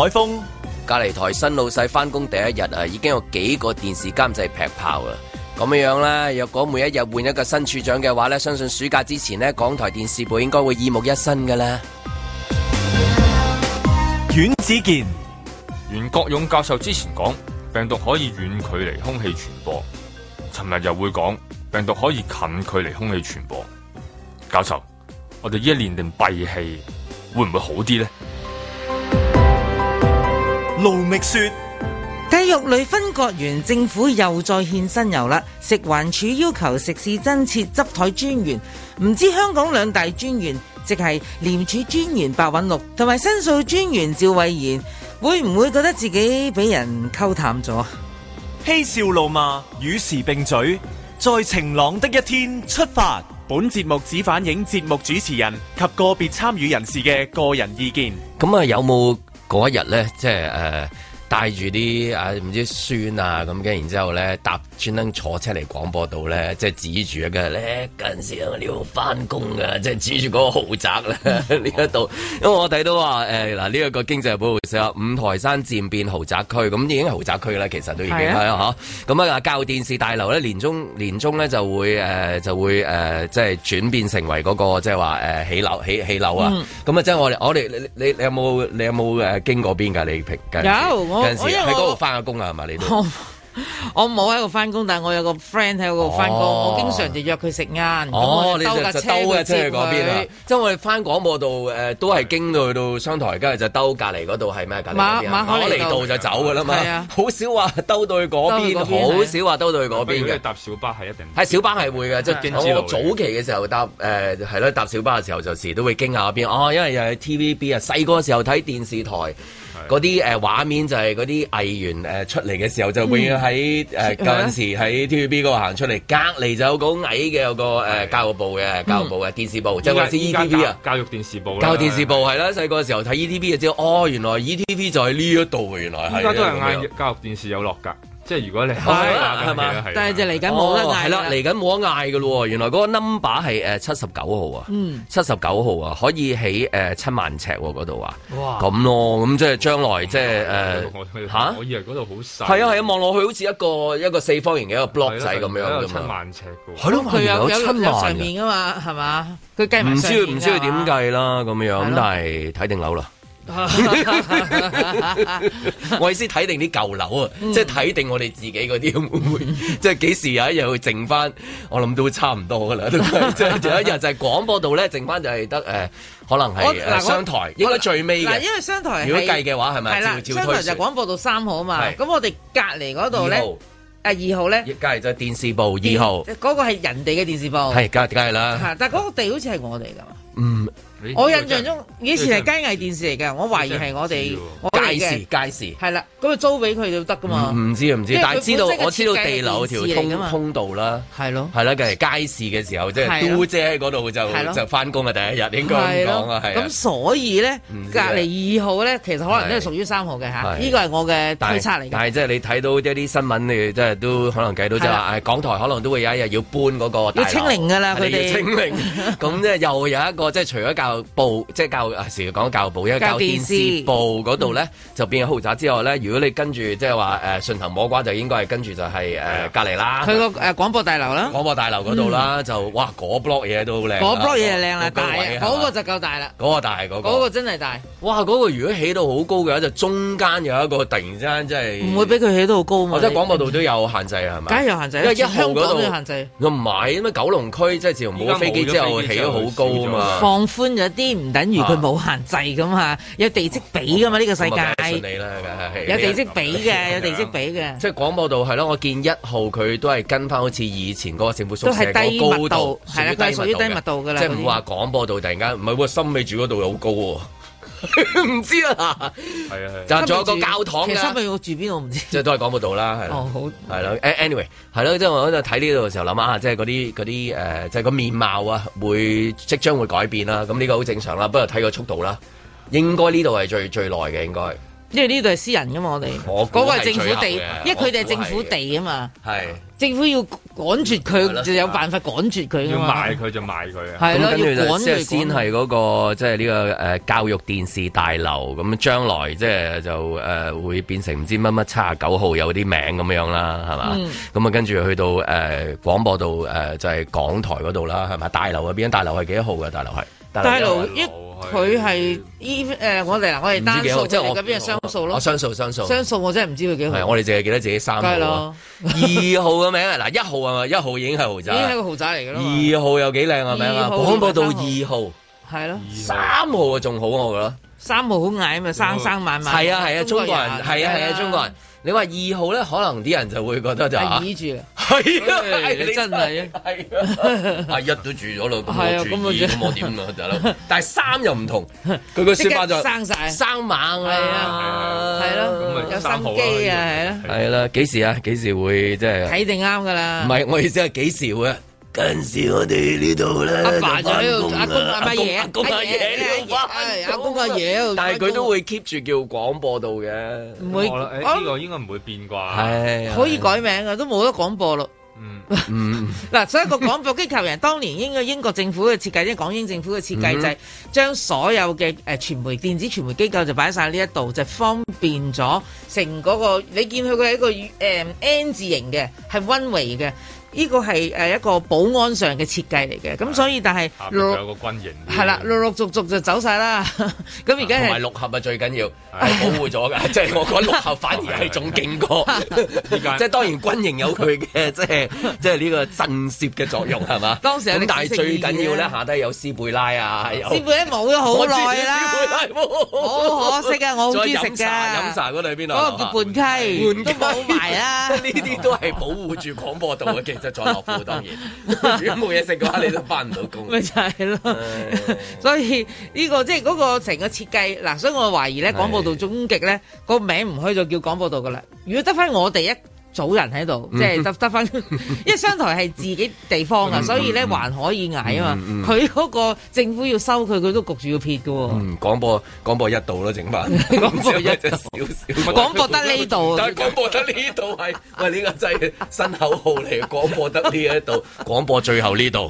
海峰，隔籬台新老細返工第一日啊，已經有幾個電視監製劈炮啦。咁樣樣啦，若果每一日換一個新處長嘅話咧，相信暑假之前呢，港台電視部應該會耳目一新㗎啦。阮子健，袁國勇教授之前講病毒可以遠距離空氣傳播，尋日又會講病毒可以近距離空氣傳播。教授，我哋一年定閉氣會唔會好啲呢？盧覓雪：繼肉類分割完，政府又再獻新猷啦！食環署要求食肆增設執台專員，唔知香港兩大專員，即係廉署專員白韞六同埋申訴專員趙慧賢，會唔會覺得自己俾人溝淡咗？嬉笑怒罵，與時並舉，在晴朗的一天出發。本節目只反映節目主持人及個別參與人士嘅個人意見。咁啊，有冇？嗰一日咧，即係誒。呃帶住啲啊唔知孫啊咁嘅，然之後咧搭專登坐車嚟廣播道咧，即係指住嘅咧，近時要翻工嘅，即係指住嗰個豪宅咧呢一度。咁、嗯、因為我睇到話誒嗱呢一個經濟報道寫話五台山漸變豪宅區咁已經豪宅區啦，其實都已經係咯嚇。咁啊、嗯、教育電視大樓咧年中年中咧就會誒、呃、就會誒、呃、即係轉變成為嗰、那個即係話誒起樓起起樓啊。咁啊即係我哋我哋你你,你,你,你,你,你,你有冇你有冇誒經過邊㗎你有。有陣時喺嗰度翻下工啊，係嘛？你都我冇喺度翻工，但係我有個 friend 喺嗰度翻工，我經常就約佢食晏。咁我兜架車去嗰邊啊！即係我哋翻廣播度誒，都係經到去到商台，跟住就兜隔離嗰度係咩？馬馬可尼道就走㗎啦嘛。係啊，好少話兜到去嗰邊，好少話兜到去嗰邊嘅。搭小巴係一定係小巴係會嘅，即係我早期嘅時候搭誒係咯，搭小巴嘅時候就時都會經下嗰邊。哦，因為又係 TVB 啊，細個嘅時候睇電視台。嗰啲誒畫面就係嗰啲藝員誒、呃、出嚟嘅時候就永，就會喺誒嗰陣時喺 TVB 嗰度行出嚟，隔離就有個矮嘅有個誒是、呃、教育部嘅教育部嘅電視部，嗯、即係指 ETV 啊，教育電視部教育電視部係啦，細個時候睇 ETV 就知道哦，原來 ETV 就喺呢一度嘅，原來依家都係嗌教育電視有落㗎。即係如果你係啦，係嘛？但係就嚟緊冇得嗌啦，嚟緊冇得嗌嘅咯喎。原來嗰個 number 係誒七十九號啊，七十九號啊，可以起誒七萬尺嗰度啊。哇！咁咯，咁即係將來即係誒嚇。我以為嗰度好細。係啊係啊，望落去好似一個一個四方形嘅一個 block 仔咁樣七萬尺㗎。係咯，佢有七萬上面嘅嘛係嘛？佢計唔知佢點計啦咁樣，但係睇定樓啦。我意思睇定啲舊樓啊，即係睇定我哋自己嗰啲會唔會，即係幾時有一日會剩翻？我諗都差唔多噶啦，都係即係有一日就係廣播道咧，剩翻就係得誒，可能係商台應該最尾嗱，因為商台如果計嘅話係咪？係啦，商台就廣播道三號啊嘛，咁我哋隔籬嗰度咧誒二號咧，隔籬就電視部二號，嗰個係人哋嘅電視部係，隔籬梗係啦，但係嗰個地好似係我哋噶，嗯。我印象中以前係佳藝電視嚟嘅，我懷疑係我哋街市街市係啦，咁啊租俾佢就得噶嘛？唔知唔知，但係知道我知道地樓條通通道啦，係咯係啦，隔籬街市嘅時候即係都姐喺嗰度就就翻工嘅第一日應該咁講啊，係咁所以咧隔籬二號咧，其實可能都係屬於三號嘅吓，呢個係我嘅推測嚟。但係即係你睇到一啲新聞，你即係都可能計到即係港台可能都會有一日要搬嗰個要清零噶啦，佢哋要清零，咁即係又有一個即係除咗教教育部即係教育，時講教育部，因為電視部嗰度咧就變咗豪宅之外咧。如果你跟住即係話，誒順藤摸瓜，就應該係跟住就係誒隔籬啦。佢個誒廣播大樓啦，廣播大樓嗰度啦，就哇嗰 block 嘢都好靚，嗰 block 嘢靚啦，大嗰個就夠大啦，嗰個大嗰個真係大。哇嗰個如果起到好高嘅話，就中間有一個突然之間即係唔會俾佢起到好高嘛。即係廣播度都有限制係咪？梗係有限制，因為一號嗰度限制。我唔係咁啊，九龍區即係自從冇飛機之後起咗好高啊嘛，放寬。有啲唔等於佢冇限制咁嘛，啊、有地積比噶嘛？呢、呢個世界你有地積比嘅，有地積比嘅。即係廣播道係咯，我見一號佢都係跟翻好似以前嗰個政府宿舍嗰個高度，係啊，屬於低密度嘅。即係唔話廣播道突然間，唔係喎，深美住嗰度好高喎。唔 知啦道、啊，係啊係，就仲有一個教堂啦。其實是是住我住邊、 anyway，我唔知，即係都係講唔到啦，係啦。哦好，係啦。anyway 係咯，即係我喺度睇呢度嘅時候諗下，即係嗰啲嗰啲誒，即係、呃就是、個面貌啊，會即將會改變啦。咁呢個好正常啦，不過睇個速度啦，應該呢度係最最耐嘅應該。因為呢度係私人噶嘛，我哋嗰、嗯、個係政府地，因為佢哋係政府地啊嘛，是政府要趕住佢的就有辦法趕住佢噶嘛，要買佢就買佢啊。係啦，要趕跟住先係嗰、那個即係呢個誒、就是這個、教育電視大樓咁，將來即係就誒、是呃、會變成唔知乜乜七啊九號有啲名咁樣啦，係嘛？咁啊、嗯、跟住去到誒、呃、廣播度誒、呃、就係、是、港台嗰度啦，係咪？大樓啊，邊間大樓係幾多號嘅大樓係？大佬，一佢係依誒，我哋嗱，我哋單數，即係我邊係雙數咯。雙數雙數，雙數我真係唔知佢幾號。係啊，我哋淨係記得自己三號。大佬，二號嘅名啊，嗱，一號係嘛，一號已經係豪宅，已經係個豪宅嚟㗎喇。二號又幾靚嘅名啊，恐怖到二號。係咯，三號啊仲好我覺得。三號好矮啊嘛，生生猛猛。係啊係啊，中國人係啊係啊，中國人。你話二號咧，可能啲人就會覺得就二住，係啊，真係，係啊，阿一都住咗咯，咁啊住，咁啊掂啊，就係咯。但係三又唔同，佢個說話就生晒，生猛係啊，係咯，有生機啊，係咯，係啦，幾時啊？幾時會即係睇定啱噶啦？唔係，我意思係幾時會。有陣時我哋呢度咧，阿爸就喺度阿公阿公、阿爺阿爺，阿公阿爺，但係佢都會 keep 住叫廣播度嘅，唔會。呢個應該唔會變啩？係可以改名嘅，都冇得廣播咯。嗯嗱，所以一個廣播機構人當年英個英國政府嘅設計，即係港英政府嘅設計就係，將所有嘅誒傳媒、電子傳媒機構就擺晒呢一度，就方便咗成嗰個。你見佢佢係一個誒 N 字型嘅，係溫圍嘅。呢個係一個保安上嘅設計嚟嘅，咁所以但係有個軍營係啦，陸陸續續就走晒啦。咁而家同埋六合啊，最緊要係保護咗嘅，即係我講六合反而係種境界。即係當然軍營有佢嘅，即係即係呢個震懾嘅作用係嘛？當時但係最緊要咧，下低有斯貝拉啊，斯貝拉冇咗好耐啦，好可惜啊！我好中意食㗎。飲茶嗰度喺邊啊？哦，叫半溪，都冇埋啦。呢啲都係保護住廣播道嘅。就再落苦當然， 如果冇嘢食嘅話，你都翻唔到工 就是就是。咪就係咯，所以呢、呢個即係嗰個成個設計嗱、啊，所以我懷疑咧廣播道終極咧 個名唔可以再叫廣播道噶啦，如果得翻我哋一組人喺度，即係得得翻，因為商台係自己地方啊，所以咧還可以捱啊嘛。佢嗰個政府要收佢，佢都焗住要撇嘅。嗯，廣播廣播一度咯，整翻廣播一少少，廣播得呢度。但係廣播得呢度係，喂呢個真係新口號嚟，廣播得呢一度，廣播最後呢度。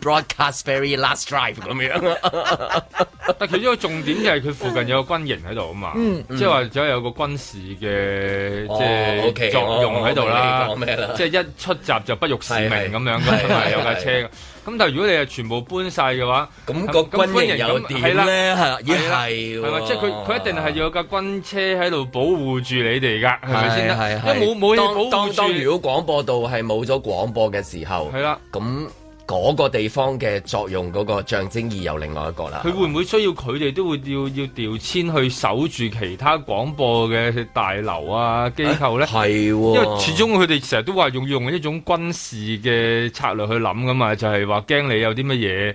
Broadcast very last drive 咁樣。但係佢呢個重點就係佢附近有個軍營喺度啊嘛，即係話仲有個軍事嘅即係。作用喺度啦，即係一出閘就不辱使命咁樣噶，同埋有架車噶。咁但係如果你係全部搬晒嘅話，咁個軍人咁係啦，係啦，而係，係咪即係佢佢一定係要有架軍車喺度保護住你哋噶，係咪先得？因為冇冇嘢保護住。當當如果廣播道係冇咗廣播嘅時候，係啦，咁。嗰個地方嘅作用，嗰、嗰個象徵意義又另外一個啦。佢會唔會需要佢哋都會要要調遷去守住其他廣播嘅大樓啊，機構咧？係、欸，啊、因為始終佢哋成日都話用用一種軍事嘅策略去諗噶嘛，就係話驚你有啲乜嘢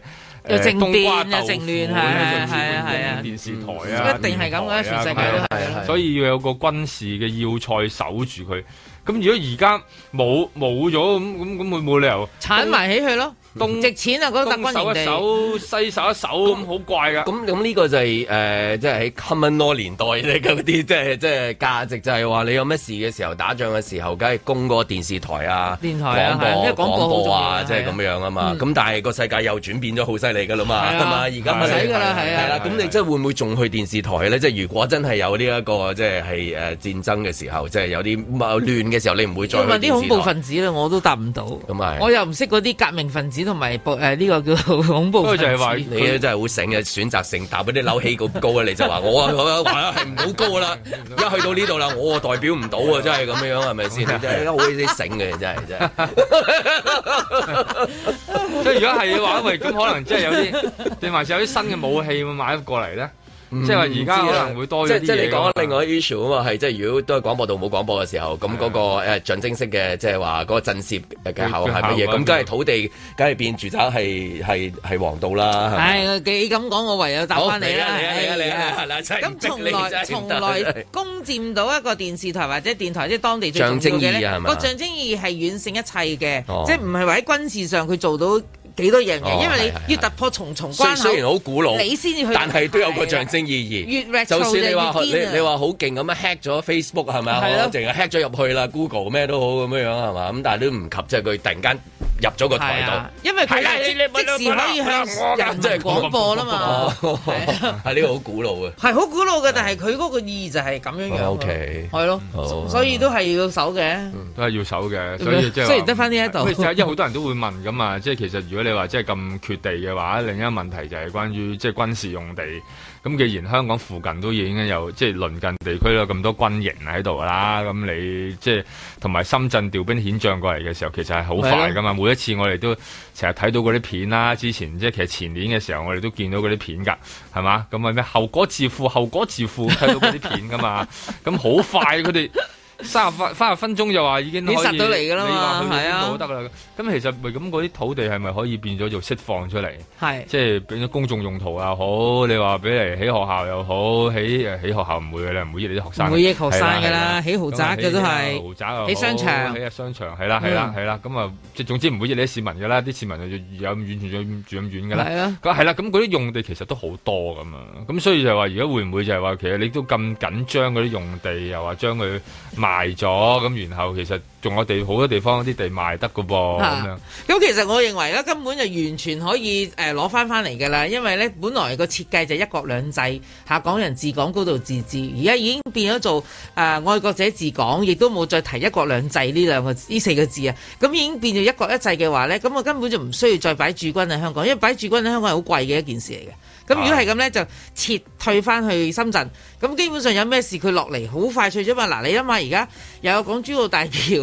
政變政亂啊、政亂係係啊係啊，啊，啊，啊電視台啊，嗯、一定係咁嘅全世界都係，啊啊啊、所以要有個軍事嘅要塞守住佢。咁如果而家冇冇咗咁咁咁，佢冇理由鏟埋起去咯。動值錢啊！嗰特軍手一手西手一手咁好怪噶。咁咁呢個就係誒，即係喺 common law 年代咧，嗰啲即係即係價值就係話你有咩事嘅時候，打仗嘅時候，梗係供嗰個電視台啊，電台啊，係啊，廣播啊，即係咁樣啊嘛。咁但係個世界又轉變咗好犀利噶啦嘛，係嘛？而家唔使㗎啦，係啊。係啦，咁你即係會唔會仲去電視台咧？即係如果真係有呢一個即係係誒戰爭嘅時候，即係有啲啊亂嘅時候，你唔會再問啲恐怖分子呢，我都答唔到。咁啊，我又唔識嗰啲革命分子。同埋，誒，呢個叫恐怖故事。就係話你真係好醒嘅，選擇性搭，但係俾啲樓起咁高啊！你就話我啊，我話係唔好高啦， 一去到呢度啦，我啊代表唔到啊！真係咁樣，係咪先？真係好醒嘅，真係真。即係如果係話喂，咁可能真係有啲，定還是有啲新嘅武器會買咗過嚟？咧即係而家可能會多啲即係你講另外一個 issue 啊嘛，係即係如果都係廣播到冇廣播嘅時候，咁嗰個象徵式嘅，即係話嗰個震懾嘅效係乜嘢？咁梗係土地，梗係變住宅係係係王道啦。係啊，你咁講，我唯有答翻你啦。係啊，係啊，係啦。咁從來從來攻佔到一個電視台或者電台，即係當地最重要嘅咧。個象徵意義係遠勝一切嘅，即係唔係話喺軍事上佢做到。幾多嘢？因為你要突破重重關口，雖雖然好古老，你先至去，但係都有個象徵意義。越 retro 越堅啊！就算你話你你話好勁咁樣 hack 咗 Facebook 係咪啊？係咯，淨係 hack 咗入去啦，Google 咩都好咁樣樣係嘛？咁但係都唔及即係佢突然間。入咗個台度，因為佢係即時可以向人民廣播啦嘛，係呢個好古老嘅，係好古老嘅，但係佢嗰個意義就係咁樣樣，係咯，所以都係要守嘅，都係要守嘅，所以即係雖然得返呢一度，因為好多人都會問㗎嘛，即係其實如果你話即係咁缺地嘅話，另一個問題就係關於即係軍事用地。咁既然香港附近都已經有即係鄰近地區啦，咁多軍營喺度啦，咁你即係同埋深圳調兵遣將過嚟嘅時候，其實係好快噶嘛。每一次我哋都成日睇到嗰啲片啦，之前即係其實前年嘅時候，我哋都見到嗰啲片㗎，係嘛？咁啊咩後果自負，後果自負，睇到嗰啲片㗎嘛？咁好 快佢哋。三十分三廿分鐘就話已經可以到，你話去邊度都得啦。咁其實咪咁嗰啲土地係咪可以變咗做釋放出嚟？係，即係變咗公眾用途又好，你話俾你起學校又好，起起學校唔會嘅啦，唔會益你啲學生，唔會益學生㗎啦，起豪宅嘅都係，起豪宅商場，起商場，係啦係啦係啦，咁啊即總之唔會益你啲市民㗎啦，啲市民就又咁遠，仲住咁遠㗎啦。係啦，咁嗰啲用地其實都好多㗎啊。咁所以就話而家會唔會就係話其實你都咁緊張嗰啲用地，又話將佢賣咗咁，然後其實仲有地好多地方啲地賣得噶噃，咁樣。咁其實我認為咧，根本就完全可以誒攞翻翻嚟㗎啦，因為呢，本來個設計就一國兩制，下港人治港，高度自治。而家已經變咗做誒、呃、愛國者治港，亦都冇再提一國兩制呢兩個呢四個字啊。咁已經變咗一國一制嘅話呢，咁我根本就唔需要再擺駐軍喺香港，因為擺駐軍喺香港係好貴嘅一件事嚟嘅。咁如果係咁呢，就撤退翻去深圳。咁基本上有咩事佢落嚟好快脆啫嘛。嗱，你諗下，而家又有港珠澳大橋，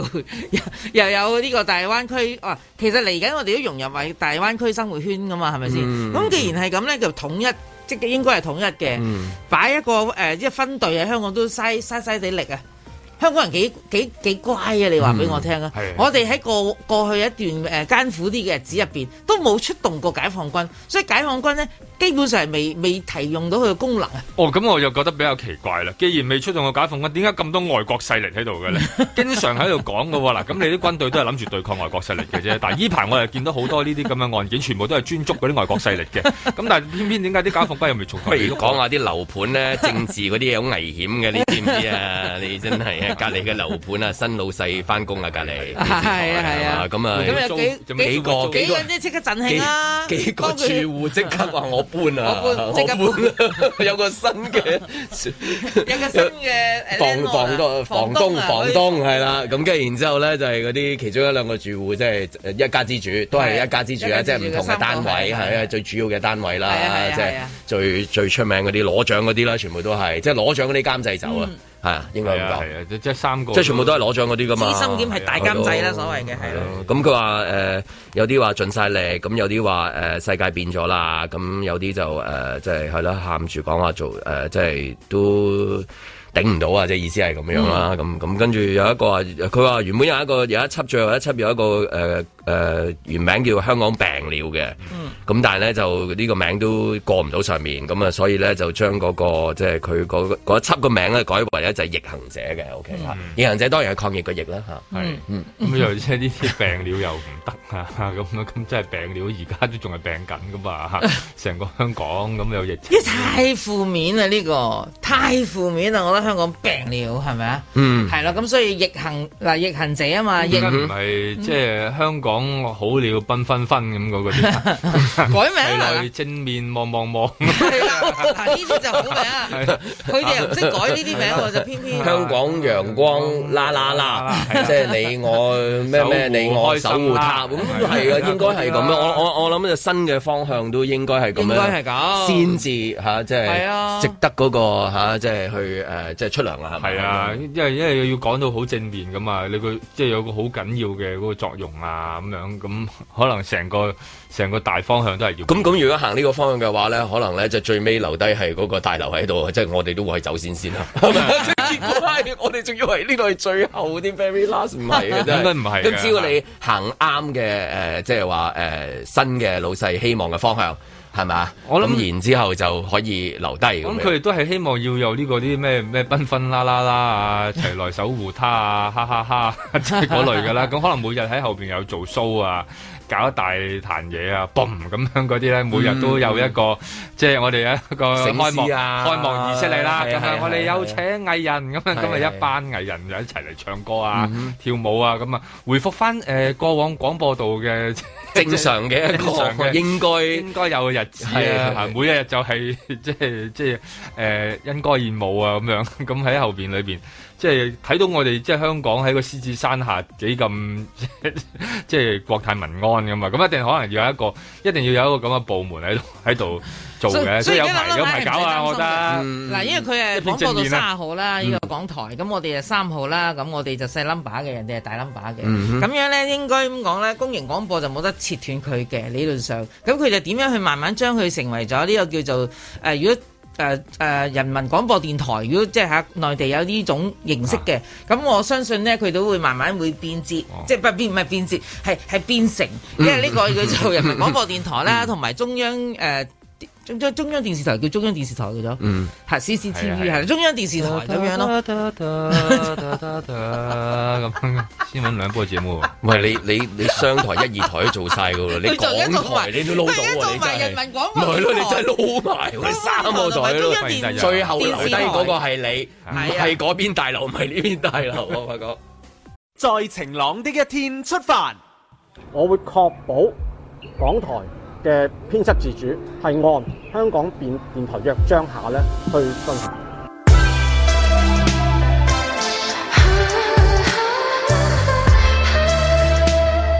又有呢個大灣區。啊，其實嚟緊我哋都融入埋大灣區生活圈噶嘛，係咪先？咁、嗯、既然係咁呢，就統一，即係應該係統一嘅。擺一個即係分隊喺香港都嘥嘥嘥哋力啊！香港人幾幾幾乖啊！你話俾我聽啊！嗯、我哋喺過，過去一段誒、呃、艱苦啲嘅日子入面都冇出動過解放軍，所以解放軍咧基本上係未未提用到佢嘅功能啊。哦，咁我就覺得比較奇怪啦。既然未出動過解放軍，點解咁多外國勢力喺度嘅咧？ 經常喺度講㗎喎啦。咁你啲軍隊都係諗住對抗外國勢力嘅啫。但係呢排我又見到好多呢啲咁嘅案件，全部都係專捉嗰啲外國勢力嘅。咁但係偏偏點解啲解放軍又未重不如講下啲樓盤咧， 政治嗰啲嘢好危險嘅，你知唔知啊？你真係隔籬嘅樓盤啊，新老細翻工啊，隔籬係啊係啊，咁啊，幾個幾個即刻振氣，幾個住戶即刻話我搬啊，即刻搬，有個新嘅，有個新嘅房房房東房東係啦，咁跟住然之後咧就係嗰啲其中一兩個住戶，即係一家之主，都係一家之主啊，即係唔同嘅單位係啊，最主要嘅單位啦，即係最最出名嗰啲攞獎嗰啲啦，全部都係即係攞獎嗰啲監製走啊。係啊，應該唔夠。啊啊、即係三個，即係全部都係攞獎嗰啲噶嘛。小生點係大監製啦，啊啊、所謂嘅係咯。咁佢話誒，有啲話盡晒力，咁有啲話誒，世界變咗啦，咁有啲就誒，即係係咯，喊住講話做誒，即係、啊呃就係、都頂唔到啊！即係意思係咁樣啦。咁咁跟住有一個話，佢話原本有一個有一輯最後一輯有一個誒。呃誒，原名叫香港病了嘅，咁但係咧就呢個名都過唔到上面，咁啊，所以咧就將嗰個即係佢嗰一輯個名咧改為咧就係逆行者嘅，O K 逆行者當然係抗疫個疫啦吓，係，咁又即係呢啲病了又唔得啊，咁咁真係病了，而家都仲係病緊噶嘛，成個香港咁有疫情，太負面啦呢個，太負面啦，我覺得香港病了係咪啊？嗯，係啦，咁所以逆行嗱，逆行者啊嘛，而家唔係即係香港。講我好了，繽紛紛咁嗰個啲改名正面望望望係啦，呢啲就好名佢哋又唔識改呢啲名，我就偏偏香港陽光啦啦啦，即係你我咩咩，你我守護塔咁係噶，應該係咁樣。我我我諗就新嘅方向都應該係咁樣，先至吓即係值得嗰個吓即係去誒，即係出糧啦係啊？因為因為要講到好正面噶嘛，你個即係有個好緊要嘅嗰個作用啊！咁樣咁，可能成個成個大方向都係要。咁咁，如果行呢個方向嘅話咧，可能咧就最尾留低係嗰個大樓喺度，即係我哋都會去走先先啦。 結果係，我哋仲以為呢個係最後啲，very last，唔係嘅真係。應該唔係。咁只要你行啱嘅，誒、呃，即係話誒，新嘅老細希望嘅方向。係咪？是我諗想然之後就可以留低。咁佢哋都係希望要有呢、這個啲咩咩，繽紛啦啦啦啊，齊來守護他啊， 哈，哈哈哈，即係嗰類㗎啦。咁 可能每日喺後邊有做 show 啊。搞一大壇嘢啊，boom 咁樣嗰啲咧，每日都有一個，即係我哋一個開幕開幕儀式嚟啦。就係我哋有請藝人咁樣咁啊一班藝人就一齊嚟唱歌啊、跳舞啊咁啊，回復翻誒過往廣播道嘅正常嘅、一個應該應該有嘅日子啊，每一日就係即係即係誒鶯歌燕舞啊咁樣咁喺後邊裏邊。即係睇到我哋即係香港喺個獅子山下幾咁即係國泰民安㗎嘛，咁一定可能要有一個，一定要有一個咁嘅部門喺度喺度做嘅，所以，所以有排有排搞啊！我覺得嗱，嗯、因為佢係廣播到卅、嗯嗯、號啦，呢個港台咁我哋誒三號啦，咁我哋就細 number 嘅，人哋係大 number 嘅，咁樣咧應該咁講咧，公營廣播就冇得切斷佢嘅理論上，咁佢就點樣去慢慢將佢成為咗呢個叫做誒、呃、如果。誒誒、呃呃、人民廣播電台，如果即係喺內地有呢種形式嘅，咁、啊、我相信咧，佢都會慢慢會變節，啊、即係不變唔係變節，係變成，變成 因為呢個叫做人民廣播電台啦，同埋 中央誒。呃中央中央電視台叫中央電視台嚟咗，嗯，係 C C T V，係中央電視台咁樣咯，咁先揾兩波節目。唔係你你你雙台一二台都做晒噶喎，你港台你都攞到喎，你真係，咪係咯，你真係攞埋，三個台咯，最後留低嗰個係你，唔係嗰邊大樓，唔係呢邊大樓我發哥，在晴朗的一天出發，我會確保港台。嘅編輯自主係按香港電電台約章下咧去進行。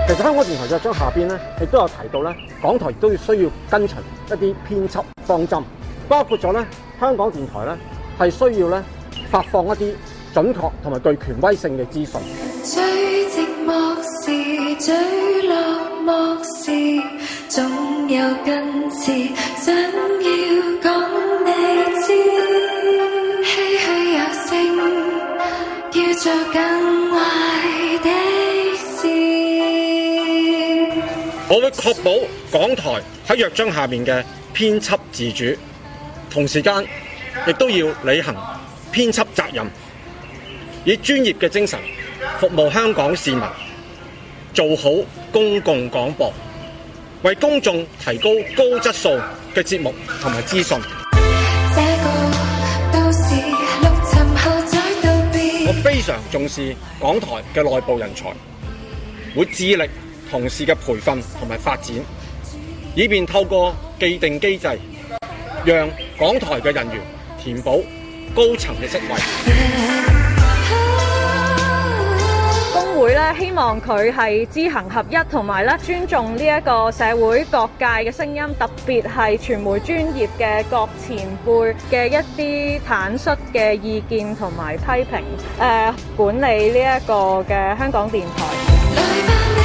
其實香港電台約章下邊咧，亦都有提到咧，港台亦都要需要跟隨一啲編輯方針，包括咗咧香港電台咧係需要咧發放一啲。準確同埋具權威性嘅資訊。最寂寞時、最落寞時，總有根刺想要講你知。唏噓有聲，叫做更壞的事。我會確保港台喺約章下面嘅編輯自主，同時間亦都要履行編輯責任。以專業嘅精神服務香港市民，做好公共廣播，為公眾提供高質素嘅節目同埋資訊。我非常重視港台嘅內部人才，會致力同事嘅培訓同埋發展，以便透過既定機制，讓港台嘅人員填補高層嘅職位。會咧希望佢係知行合一，同埋咧尊重呢一個社會各界嘅聲音，特別係傳媒專業嘅各前輩嘅一啲坦率嘅意見同埋批評，誒、呃、管理呢一個嘅香港電台。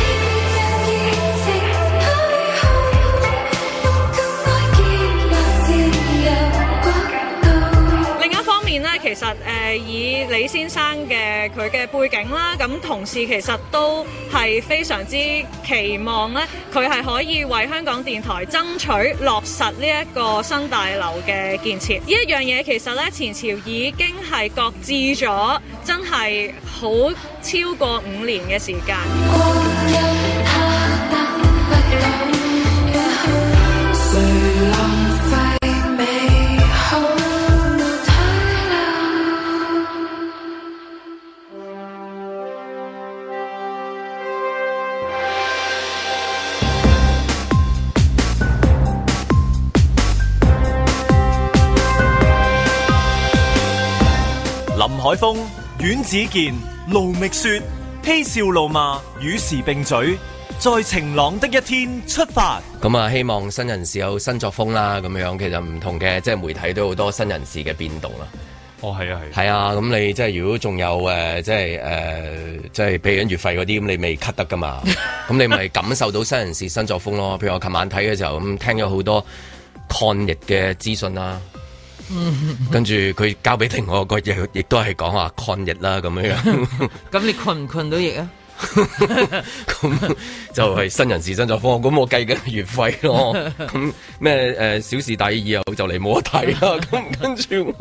其實誒以李先生嘅佢嘅背景啦，咁同事其實都係非常之期望呢，佢係可以為香港電台爭取落實呢一個新大樓嘅建設。呢一樣嘢其實呢，前朝已經係擱置咗，真係好超過五年嘅時間。海峰、阮子健、盧覓雪、嬉笑怒罵，與時並嘴，在晴朗的一天出發。咁啊，希望新人事有新作風啦，咁樣其實唔同嘅，即係媒體都好多新人事嘅變動啦。哦，係啊，係，係啊。咁、啊、你即係如果仲有誒，即係誒，即係譬如畀緊月費嗰啲，咁你咪 cut 得噶嘛？咁 你咪感受到新人事新作風咯。譬如我琴晚睇嘅時候，咁聽咗好多抗疫嘅資訊啦。嗯， 跟住佢交俾庭，我個嘢亦都係講下抗疫啦，咁樣樣。咁你困唔困到疫啊？ 咁 就係新人時新就放，咁我計緊月費咯。咁咩誒小事大意以後就嚟冇得睇啦。咁跟住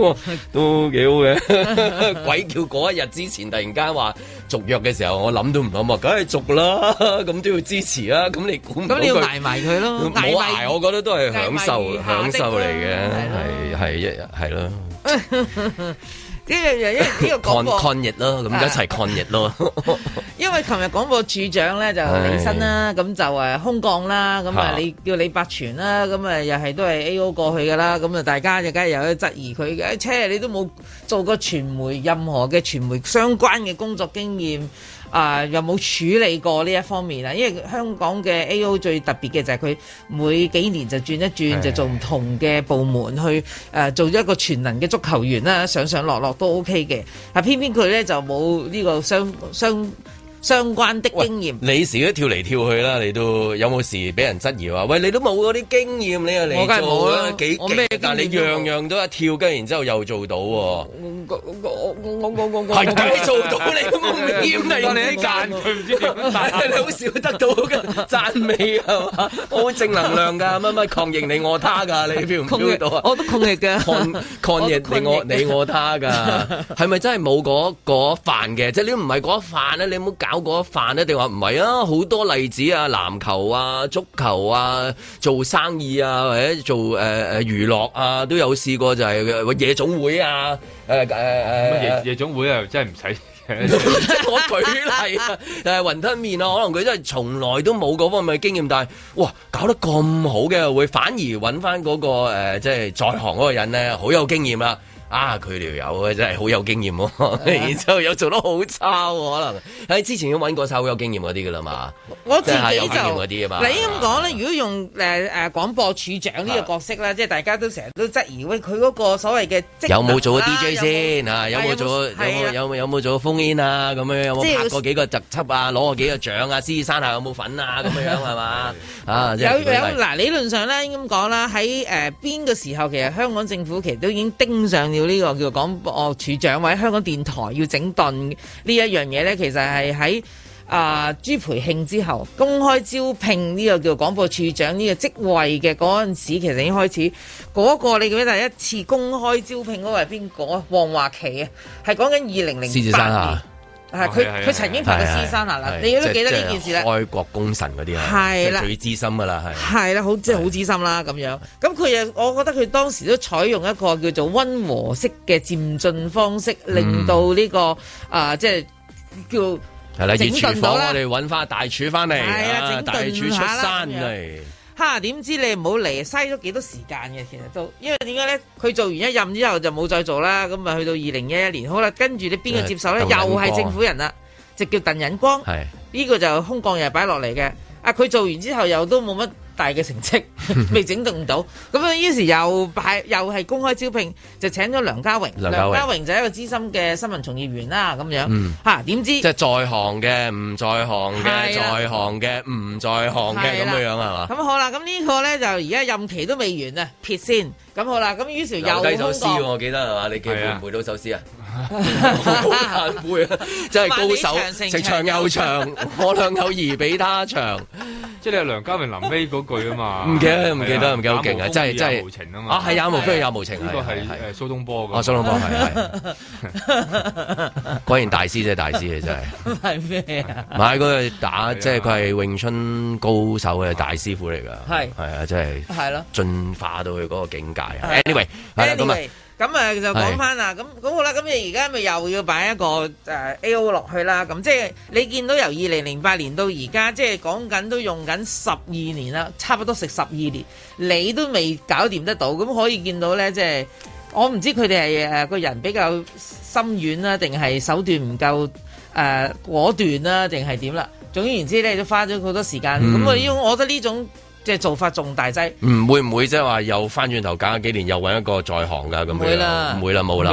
都幾好嘅，鬼叫嗰一日之前突然間話續約嘅時候，我諗都唔諗啊，梗係續啦。咁都要支持啦。咁你管唔到佢。咁你要挨埋佢咯。唔好挨，我覺得都係享受，享受嚟嘅，係係一係咯。 .呢個又因呢個抗抗疫咯，咁一齊抗疫咯。 因為琴日廣播處長咧就離薪啦，咁 就誒空降啦，咁啊你叫李百全啦，咁啊又係都係 A O 過去噶啦，咁啊大家就梗係有啲質疑佢嘅。車、哎、你都冇做過傳媒任何嘅傳媒相關嘅工作經驗。啊！又冇處理過呢一方面啦，因為香港嘅 A.O. 最特別嘅就係佢每幾年就轉一轉，就做唔同嘅部門去誒、啊、做一個全能嘅足球員啦，上上落落都 OK 嘅。但偏偏佢呢就冇呢個雙雙。相關的經驗，你時都跳嚟跳去啦。你都有冇時俾人質疑話：喂，你都冇嗰啲經驗呢？你做幾咩？但你樣樣都一跳跟，然之後又做到我我我我我我我係梗係做到，你都夢魘嚟㗎，你間佢唔知。但係你好少得到嘅讚美係我正能量㗎，乜乜抗疫你我他㗎，你標唔標到啊？我都抗疫嘅，抗抗疫你我你我他㗎，係咪真係冇嗰嗰範嘅？即係你唔係嗰範咧，你冇搞嗰飯一定話唔係啊？好多例子啊，籃球啊、足球啊，做生意啊，或者做誒誒娛樂啊，都有試過就係、是呃、夜總會啊，誒誒誒，乜嘢總會啊真係唔使，我舉例啊。誒、 啊，雲吞麵啊，可能佢真係從來都冇嗰方面嘅經驗，但係哇，搞得咁好嘅，會反而搵翻嗰個誒，即、呃、係、就是、在行嗰個人咧，好有經驗啦、啊。啊！佢條友啊，真係好有經驗喎，然之後又做得好差喎，可能喺之前已經揾過曬好有經驗嗰啲噶啦嘛。我自己就嗰啲啊嘛。你咁講咧，如果用誒誒廣播處長呢個角色咧，即係大家都成日都質疑喂，佢嗰個所謂嘅有冇做過 DJ 先嚇？有冇做過，有冇有冇有冇做封煙啊咁樣？有冇拍過幾個特輯啊？攞過幾個獎啊？獅子山下有冇份啊？咁樣樣係嘛？嚇！有有嗱，理論上咧，咁講啦，喺誒邊個時候其實香港政府其實都已經盯上呢個叫廣播處長或者香港電台要整頓這呢一樣嘢呢，其實係喺啊朱培慶之後公開招聘呢個叫廣播處長呢個職位嘅嗰陣時，其實已經開始嗰、那個你記得第一次公開招聘嗰個係邊個啊？黃華琪，啊，係講緊二零零八年。啊！佢佢曾經拍過私生嗱嗱，你都記得呢件事啦。愛國功臣嗰啲啊，係啦，好即係好資深啦咁樣。咁佢又，我覺得佢當時都採用一個叫做溫和式嘅漸進方式，令到呢個啊即係叫。係啦，熱廚房，我哋揾翻大廚翻嚟啊！大廚出山嚟。哈！點知你唔好嚟，嘥咗幾多時間嘅？其實都因為點解咧？佢做完一任之後就冇再做啦。咁啊，去到二零一一年好啦，跟住你邊個接受咧？又係政府人啦，直叫鄧引光。係呢個就空降又係擺落嚟嘅。啊，佢做完之後又都冇乜。大嘅成績未整唔到，咁 於是又派又係公開招聘，就請咗梁家榮。梁家榮，梁家榮就係一個資深嘅新聞從業員啦，咁樣吓？點知？即係在行嘅，唔在行嘅，在行嘅，唔在行嘅咁樣係嘛。咁好啦，咁呢個咧就而家任期都未完啊，撇先。咁好啦，咁於是又低首詩，港我記得係嘛？你記唔會，會到首詩啊？啊好啊！真係高手，直長又長，我兩友兒比他長，即係你梁家明臨尾嗰句啊嘛。唔記得，唔記得，唔記得，勁啊！真係真係啊！係啊，無非有無情啊？都係蘇東坡噶。啊，蘇東坡係，果然大師啫，大師啊，真係。係咩買嗰個打，即係佢係詠春高手嘅大師傅嚟噶。係啊，真係係咯，進化到佢嗰個境界 Anyway，咁啊。咁啊是、呃，就講翻啦，咁咁好啦，咁你而家咪又要擺一個呃 AO 落去啦，咁即係你見到由二零零八年到而家，即係講緊都用緊十二年啦，差不多食十二年，你都未搞掂得到，咁可以見到咧，即、就、係、是、我唔知佢哋係個人比較心軟啦，定係手段唔夠、呃、果斷啦，定係點啦？總言之咧，都花咗好多時間。咁、嗯、我呢，我覺得呢種。即係做法仲大劑，唔會唔會即係話又翻轉頭揀下幾年又揾一個在行噶，咁樣，唔會啦，唔會啦，冇啦，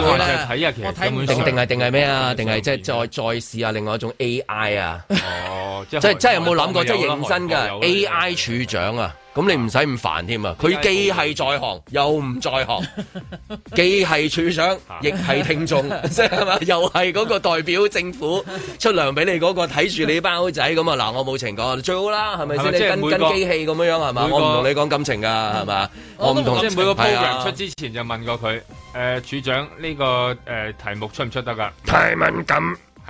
睇啊，其實定定係定係咩啊？定係即係再再試下另外一種 AI 啊！哦，即係即係有冇諗過即係認真噶 AI 處長啊？咁你唔使唔煩添啊！佢既係在行又唔在行，既係處長亦係聽眾，即係嘛，又係嗰個代表政府出糧俾你嗰、那個睇住你班友仔咁啊！嗱，我冇情講，最好啦，係咪先？就是，你跟個跟機器咁樣樣係嘛？個我唔同你講感情噶係嘛？ 吧我唔同即係每個 program 出之前就問過佢，誒、呃、處長呢、這個誒、呃、題目出唔出得噶？太敏感。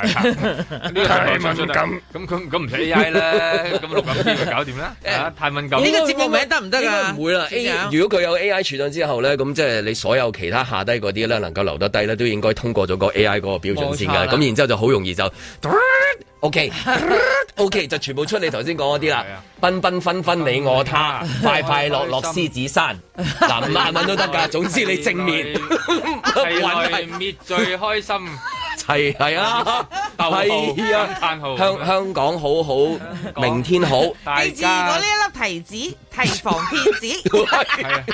係咁咁咁唔使 A I 啦，咁六感 B 咪搞掂啦。太敏感。呢個節目名得唔得啊？唔會啦，A I。如果佢有 A I 存檔之後咧，咁即係你所有其他下低嗰啲咧，能夠留得低咧，都應該通過咗個 A I 嗰個標準先㗎。咁然之後就好容易就，O K，O K，就全部出你頭先講嗰啲啦。係啊。繽繽紛紛你我他，快快樂樂獅子山，嗱，任乜都得㗎。總之你正面。係啊，滅最開心。係係啊，嘆 啊，香香港好好，港明天好，大家。注意呢一粒提子，提防騙子。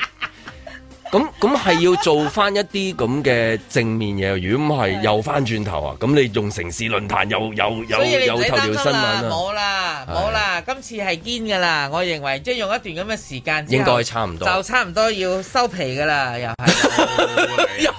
咁咁係要做翻一啲咁嘅正面嘢，如果唔係又翻轉頭啊。咁你用城市論壇又又又又頭條新聞冇啦冇啦，今次係堅噶啦！我認為即係用一段咁嘅時間，應該差唔多，就差唔多要收皮噶啦，又係又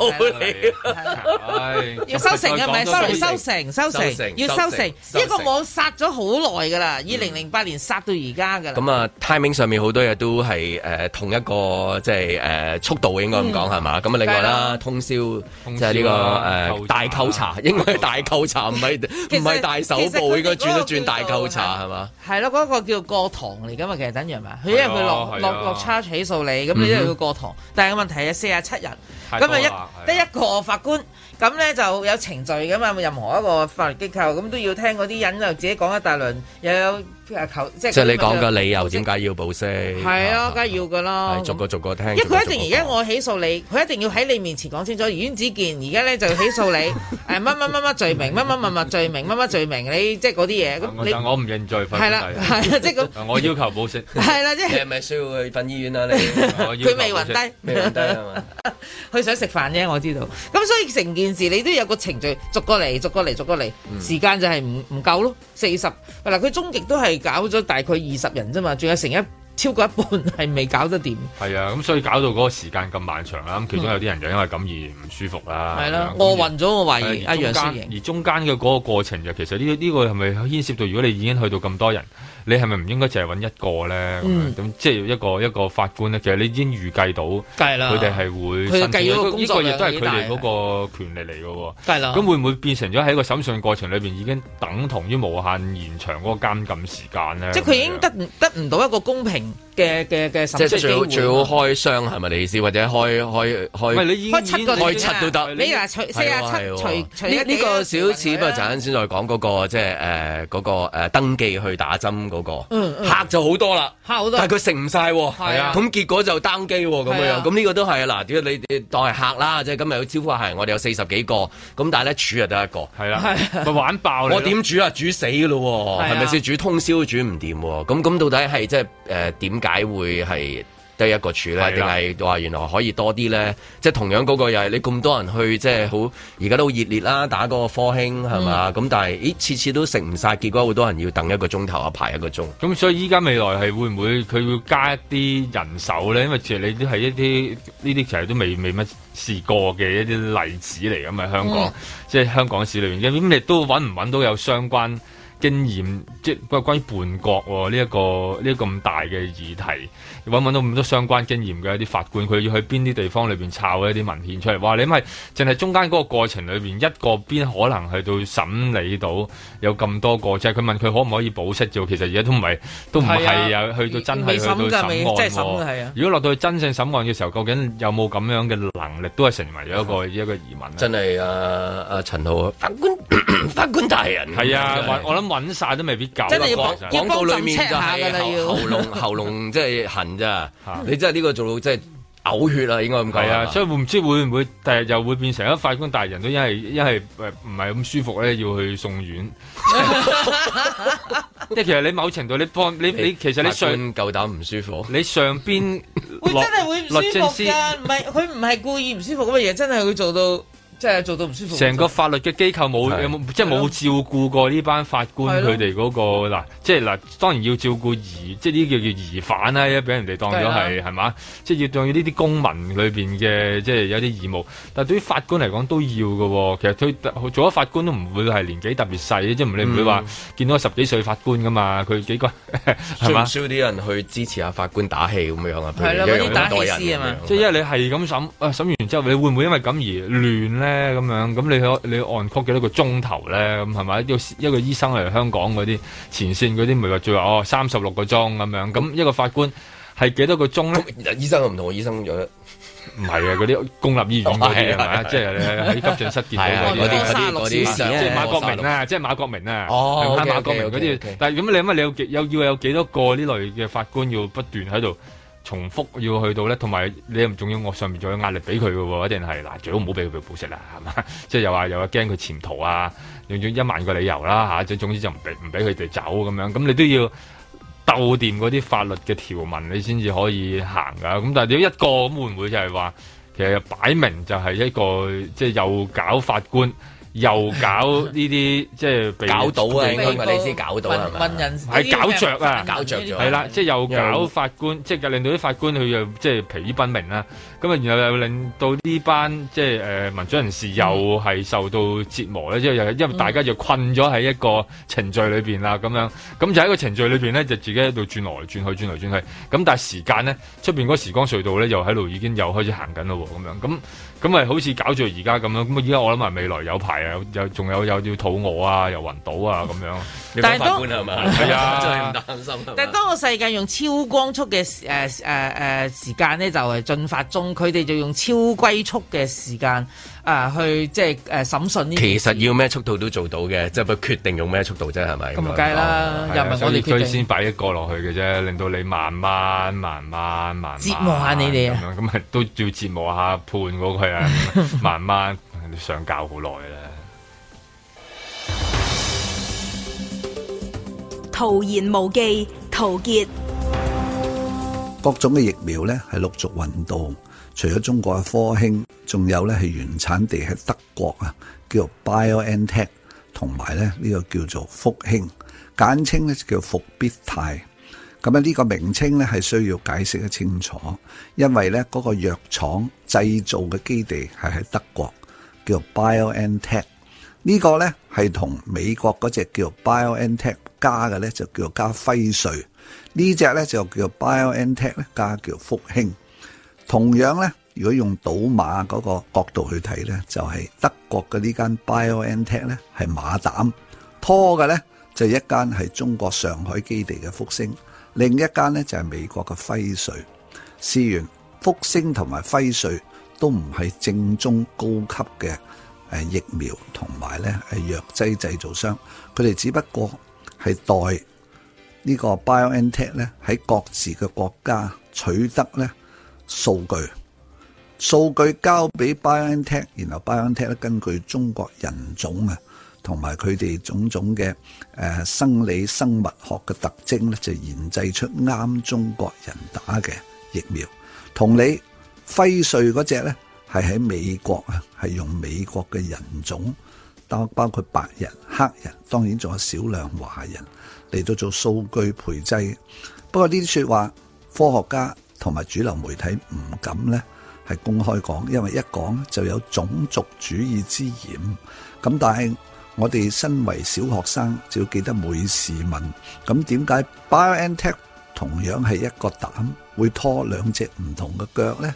係，要收成嘅咪收成，收成，收成，要收成。一個網殺咗好耐噶啦，二零零八年殺到而家噶啦。咁啊，timing 上面好多嘢都係誒同一個即係誒速度。倒應該咁講係嘛？咁啊，另外啦，通宵就係呢個誒大扣查，應該大扣查，唔係唔係大手部，應該轉一轉大扣查係嘛？係咯，嗰個叫過堂嚟㗎嘛，其實等於係嘛？佢因為佢落落落 charge 起訴你，咁你一定要過堂。但係個問題係四十七人，咁啊一得一個法官。咁咧就有程序㗎嘛，任何一個法律機構咁都要聽嗰啲人又自己講一大輪，又有求即係。即係你講嘅理由，點解要保釋？係啊，梗係要㗎囉。逐個逐個聽。因為佢一定而家我起訴你，佢一定要喺你面前講清楚。袁子健而家咧就起訴你乜乜乜乜罪名，乜乜乜乜罪名，乜乜罪名，你即係嗰啲嘢咁。我唔認罪。係啦，係即係。我要求保釋。係啦，即係。係咪需要去瞓醫院啊？你佢未暈低，未暈低係嘛？佢想食飯啫，我知道。咁所以成件。現時你都有個程序，逐個嚟，逐個嚟，逐個嚟，時間就係唔唔夠咯。四十嗱，佢終極都係搞咗大概二十人啫嘛，仲有成一。超過一半係未搞得掂，係啊，咁所以搞到嗰個時間咁漫長啦。咁其中有啲人就因為咁而唔舒服啦。係啦，我暈咗，我懷疑阿楊。而中間嘅嗰個過程就其實呢呢個係咪牽涉到？如果你已經去到咁多人，你係咪唔應該淨係揾一個咧？咁、嗯、即係一個一個法官咧。其實你已經預計到、嗯，佢哋係他們計啦，佢哋係會佢計嗰個工作量幾大。亦都係佢哋嗰個權利嚟㗎。咁、嗯、會唔會變成咗喺個審訊過程裏邊已經等同於無限延長嗰個監禁時間咧？即係佢已經得唔得唔到一個公平。嘅嘅嘅，即係最好最好開箱係咪你意思，或者開開開開七都得。你啊，除四啊七，除除呢個小事，不過陣間先再講嗰個，即係誒嗰個誒登記去打針嗰個，嗯嗯，客就好多啦，客好多，但係佢食唔晒，係啊，咁結果就單機咁樣，咁呢個都係啊嗱，點解你哋當係客啦，即係今日去招呼下客人，我哋有四十幾個，咁但係咧煮就得一個，係啦，咪玩爆，我點煮啊煮死咯，係咪先煮通宵煮唔掂，咁咁到底係即係誒？點解會係得一個處咧？定係話原來可以多啲咧？即係同樣嗰個又係你咁多人去，即係好而家都好熱烈啦，打嗰個科興係嘛？咁、嗯、但係咦，次次都食唔晒，結果好多人要等一個鐘頭啊，排一個鐘。咁所以依家未來係會唔會佢會加一啲人手咧？因為其實你都係一啲呢啲其實都未未乜試過嘅一啲例子嚟㗎嘛。香港即係、嗯、香港市裏邊，咁你都揾唔揾到有相關？經驗即係關於叛國呢、哦、一、這個呢咁、這個、大嘅議題，揾到咁多相關經驗嘅一啲法官，佢要去邊啲地方裏邊抄一啲文獻出嚟。哇！你咪淨係中間嗰個過程裏邊一個邊可能去到審理到有咁多個啫？佢問佢可唔可以保釋啫？其實而家都唔係都唔係啊，啊去到真係去到審案審、啊、如果落到去真正審案嘅時候，究竟有冇咁樣嘅能力，都係成為咗一個、啊、一個疑問咧。真係啊，啊陳浩啊，法官法 官大人，係啊，我諗。搵曬都未必夠，廣告裡面就係喉喉嚨喉嚨即係痕咋，你真係呢個做到真係嘔血啊！應該咁講。係啊，所以唔知會唔會第日又會變成一法官大人都因為因為唔係咁舒服咧，要去送院。即係其實你某程度你幫你你其實你上夠膽唔舒服，你上邊會真係會唔舒服㗎？唔係佢唔係故意唔舒服咁嘅嘢，真係會做到。即係做到唔舒服。成個法律嘅機構冇即係冇照顧過呢班法官佢哋嗰個嗱，即係嗱，當然要照顧疑，即係呢啲叫叫疑犯啦、啊，而俾人哋當咗係係嘛，即係要當要呢啲公民裏邊嘅即係有啲義務。但對於法官嚟講都要嘅、哦，其實佢做咗法官都唔會係年紀特別細、嗯、即係唔你唔會話見到十幾歲法官噶嘛，佢幾個係嘛？需唔需要啲人去支持下法官打氣咁樣啊？有嘛。即係因為你係咁審，啊審完之後你會唔會因為咁而亂咧？咧咁樣，咁你可你按 call 幾多個鐘頭咧？咁係咪？一個一個醫生嚟香港嗰啲前線嗰啲，咪話最話哦三十六個鐘咁樣。咁一個法官係幾多個鐘咧？醫生又唔同，醫生咗唔係啊？嗰啲公立醫院嗰啲係咪？即係喺急症室見到嗰啲嗰啲，即係馬國明啊，即係馬國明啊，阿馬國明嗰啲。但係咁你乜你有幾有要係有幾多個呢類嘅法官要不斷喺度？重複要去到咧，同埋你又唔仲要我上面仲有壓力俾佢嘅喎，一定係嗱，最好唔好俾佢報保釋啦，係嘛？即係又話又話驚佢潛逃啊，用咗一萬個理由啦嚇，即係總之就唔俾唔俾佢哋走咁樣，咁你都要鬥掂嗰啲法律嘅條文，你先至可以行噶。咁但係如果一個咁會唔會就係話，其實擺明就係一個即係又搞法官。又搞呢啲即係被搞到啊！應你先搞到係咪？係搞着啊！搞着咗係啦，即係又搞法官，即係令到啲法官佢又即係疲於奔命啦。咁啊，然後又令到呢班即係誒民主人士又係受到折磨咧，即係又因為大家又困咗喺一個程序裏面啦，咁樣咁就喺個程序裏面咧，就自己喺度轉來轉去，轉來轉去。咁但係時間咧，出面嗰時光隧道咧，又喺度已經又開始行緊啦喎，咁樣咁。咁咪好似搞住而家咁樣咁，而家我諗埋未來有排啊，有仲有有要肚餓啊，又暈倒啊咁樣，樣。你當係嘛？係 啊，真係唔擔心。但當個世界用超光速嘅誒誒誒時間咧，就進發中，佢哋就用超龜速嘅時間。啊！去即係誒審訊呢？其實要咩速度都做到嘅，即係佢決定用咩速度啫，係咪？咁冇計啦，又唔可以決定。我哋佢先擺一個落去嘅啫，令到你慢慢、慢慢、慢慢折磨下你哋啊！咁啊，都要折磨下判嗰個啊，慢慢你上教好耐啦。陶言無忌，陶傑。各種嘅疫苗咧，係陸續運到。除咗中國嘅科興，仲有咧係原產地喺德國啊，叫 BioNTech，同埋咧呢個叫做復興，簡稱咧叫復必泰。咁啊呢個名稱咧係需要解釋得清楚，因為咧嗰個藥廠製造嘅基地係喺德國，叫 BioNTech。呢個咧係同美國嗰隻叫 BioNTech 加嘅咧就叫做加輝瑞，呢隻咧就叫 BioNTech 加叫復興。同樣咧，如果用賭馬嗰個角度去睇咧，就係德國嘅呢間 BioNTech 咧係馬膽拖嘅咧，就一間係中國上海基地嘅復星，另一間咧就係美國嘅輝瑞。雖然復星同埋輝瑞都唔係正宗高級嘅疫苗同埋咧係藥劑製造商，佢哋只不過係代呢個 BioNTech 咧喺各自嘅國家取得咧。數據，數據交俾 BioNTech，然後 BioNTech 根據中國人種啊，同埋佢哋種種嘅誒生理生物學嘅特徵咧，就研製出啱中國人打嘅疫苗。同你輝瑞嗰隻咧係喺美國啊，係用美國嘅人種，包包括白人、黑人，當然仲有少量華人嚟到做數據培制。不過呢啲說話，科學家。同埋主流媒體唔敢呢，係公開講，因為一講呢就有種族主義之嫌。咁但係我哋身為小學生，就要記得每事問：咁點解 BioNTech 同樣係一個膽會拖兩隻唔同嘅腳呢？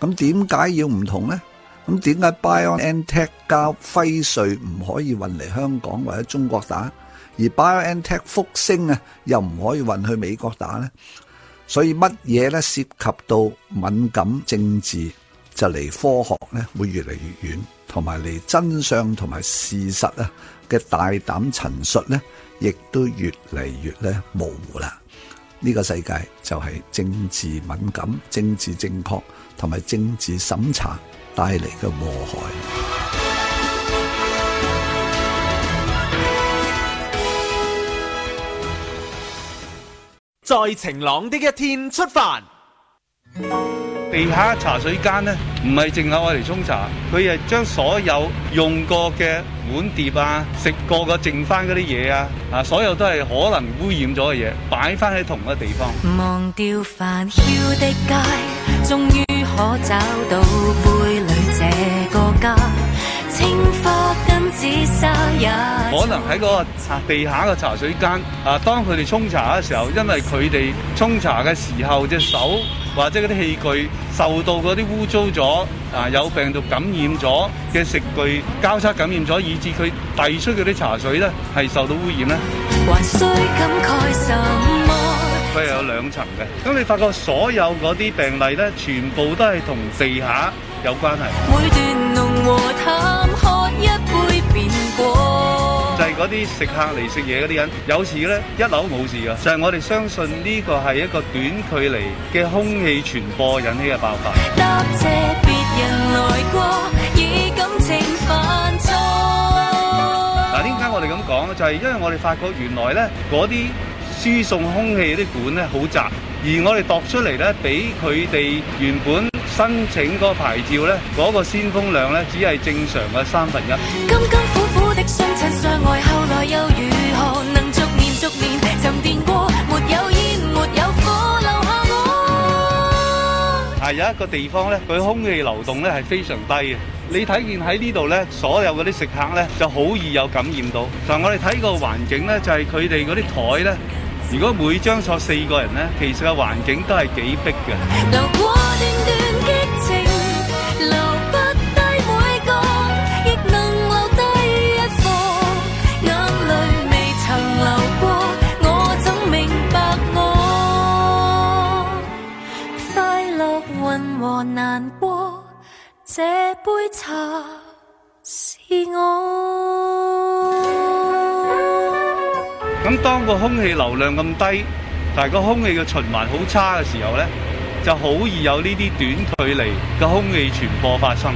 咁點解要唔同呢？咁點解 BioNTech 交輝瑞唔可以運嚟香港或者中國打，而 BioNTech 復星啊又唔可以運去美國打呢？所以乜嘢咧，涉及到敏感政治，就離科學咧會越嚟越遠，同埋離真相同埋事實啊嘅大膽陳述咧，亦都越嚟越咧模糊啦。呢個世界就係政治敏感、政治正確同埋政治審查帶嚟嘅禍害。在晴朗的一天出發，地下茶水間呢，唔係淨係我嚟沖茶，佢係將所有用過嘅碗碟啊，食過嘅剩翻嗰啲嘢啊，啊，所有都係可能污染咗嘅嘢，擺翻喺同一地方。忘掉煩囂的街，終於可找到杯裏這個家。清花自也可能喺嗰個地下嘅茶水間啊，當佢哋沖茶嘅時候，因為佢哋沖茶嘅時候，隻手或者嗰啲器具受到嗰啲污糟咗啊，有病毒感染咗嘅食具交叉感染咗，以致佢遞出嗰啲茶水咧係受到污染咧。還需感慨什麼佢係有兩層嘅，咁你發覺所有嗰啲病例咧，全部都係同地下有關係。就係嗰啲食客嚟食嘢嗰啲人，有時咧一樓冇事啊，就係、是、我哋相信呢個係一個短距離嘅空氣傳播引起嘅爆發。嗱，點解我哋咁講咧？就係、是、因為我哋發覺原來咧嗰啲。那些輸送空氣啲管咧好窄，而我哋度出嚟咧，俾佢哋原本申請嗰個牌照咧，嗰個鮮風量咧，只係正常嘅三分一。啊，有一個地方咧，佢空氣流動咧係非常低嘅。你睇見喺呢度咧，所有嗰啲食客咧就好易有感染到。嗱，我哋睇個環境咧，就係佢哋嗰啲枱咧。如果每張坐四個人呢，其實個環境都係幾逼嘅。流過段段激情，留不低每個，亦能留低一課，眼淚未曾流過，我怎明白，我快樂混和難過，這杯茶是我咁當個空氣流量咁低，但係個空氣嘅循環好差嘅時候咧，就好易有呢啲短距離嘅空氣傳播發生。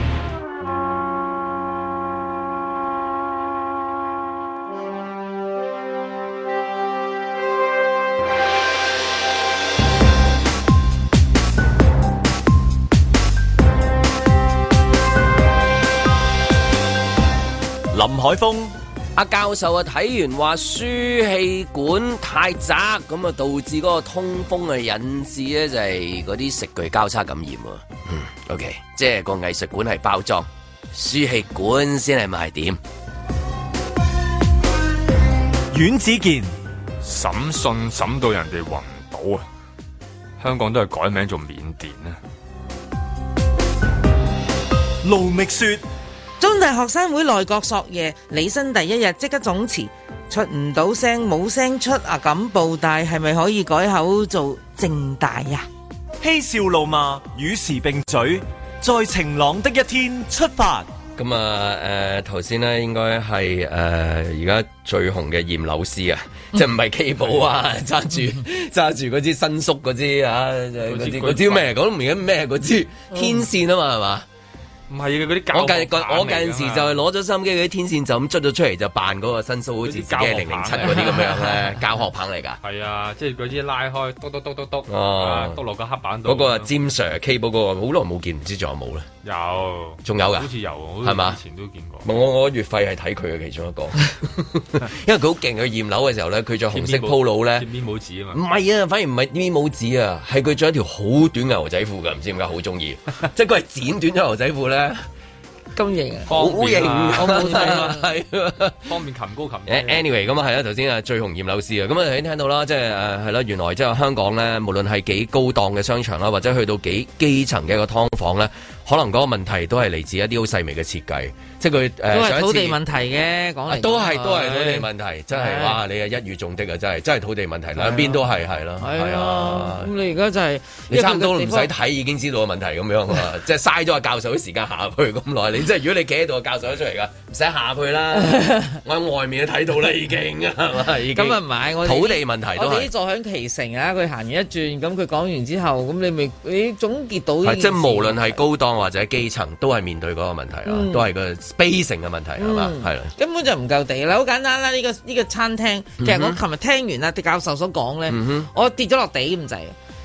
林海峰。阿教授啊，睇完話輸氣管太窄，咁啊導致嗰個通風嘅引致咧就係嗰啲食具交叉感染。嗯，OK，即係個藝術館係包裝，輸氣管先係賣點。阮子健，審訊審到人哋暈倒啊！香港都係改名做緬甸啊。盧覓雪。中大學生會內閣朔夜，履新第一日即刻總辭，出唔到聲，冇聲出啊！咁報大係咪可以改口做正大呀？嬉笑怒罵，與時並舉，在晴朗的一天出發。咁、呃呃嗯、啊，誒頭先咧應該係誒而家最紅嘅驗樓師啊，即係唔係基保啊？揸住揸住嗰支伸縮嗰支、嗯、啊，嗰支嗰支咩？支嗯、講唔明咩？嗰支天線啊嘛，係嘛、嗯？唔係嘅嗰啲教，我我近時就係攞咗心音機嗰啲天線就咁捽咗出嚟就扮嗰個新 s 好似啲零零七嗰啲咁樣咧教學棒嚟㗎。係啊，即係嗰啲拉開，督督督督督，篤落個黑板度。嗰個 j a m e K 波嗰個好耐冇見，唔知仲有冇咧？有，仲有㗎？好似有，係嘛？前都見過。我我月費係睇佢嘅其中一個，因為佢好勁。佢驗樓嘅時候咧，佢着紅色鋪路咧，咪冇紙嘛？唔係啊，反而唔係咪冇紙啊？係佢着一條好短嘅牛仔褲㗎，唔知點解好中意，即係佢係剪短咗牛仔褲咧。金型啊，好型啊，方便啊，係方便琴高琴、啊。Anyway，咁啊係啦，頭先啊最紅嫌樓市啊，咁啊頭先聽到啦，即係誒係啦，原來即係香港咧，無論係幾高檔嘅商場啦，或者去到幾基層嘅一個劏房咧。可能嗰個問題都係嚟自一啲好細微嘅設計，即係佢誒。都係土地問題嘅，講嚟都係都係土地問題，真係哇！你係一語中的啊，真係真係土地問題，兩邊都係係啦，係啊。咁你而家就係你差唔多唔使睇已經知道個問題咁樣啊，即係嘥咗個教授啲時間下去咁耐。你即係如果你企喺度，教授得出嚟㗎，唔使下去啦。我喺外面都睇到啦，已經咁啊唔係，我土地問題都可以坐享其成啊！佢行完一轉，咁佢講完之後，咁你咪你總結到即係無論係高檔，或者基層都係面對嗰個問題咯，嗯、都係個 spacing 嘅問題係嘛？係、嗯、吧根本就唔夠地啦，好簡單啦！呢、這個呢、這個餐廳，其實我琴日聽完阿、啊、迪教授所講咧，嗯、哼我跌咗落地咁滯。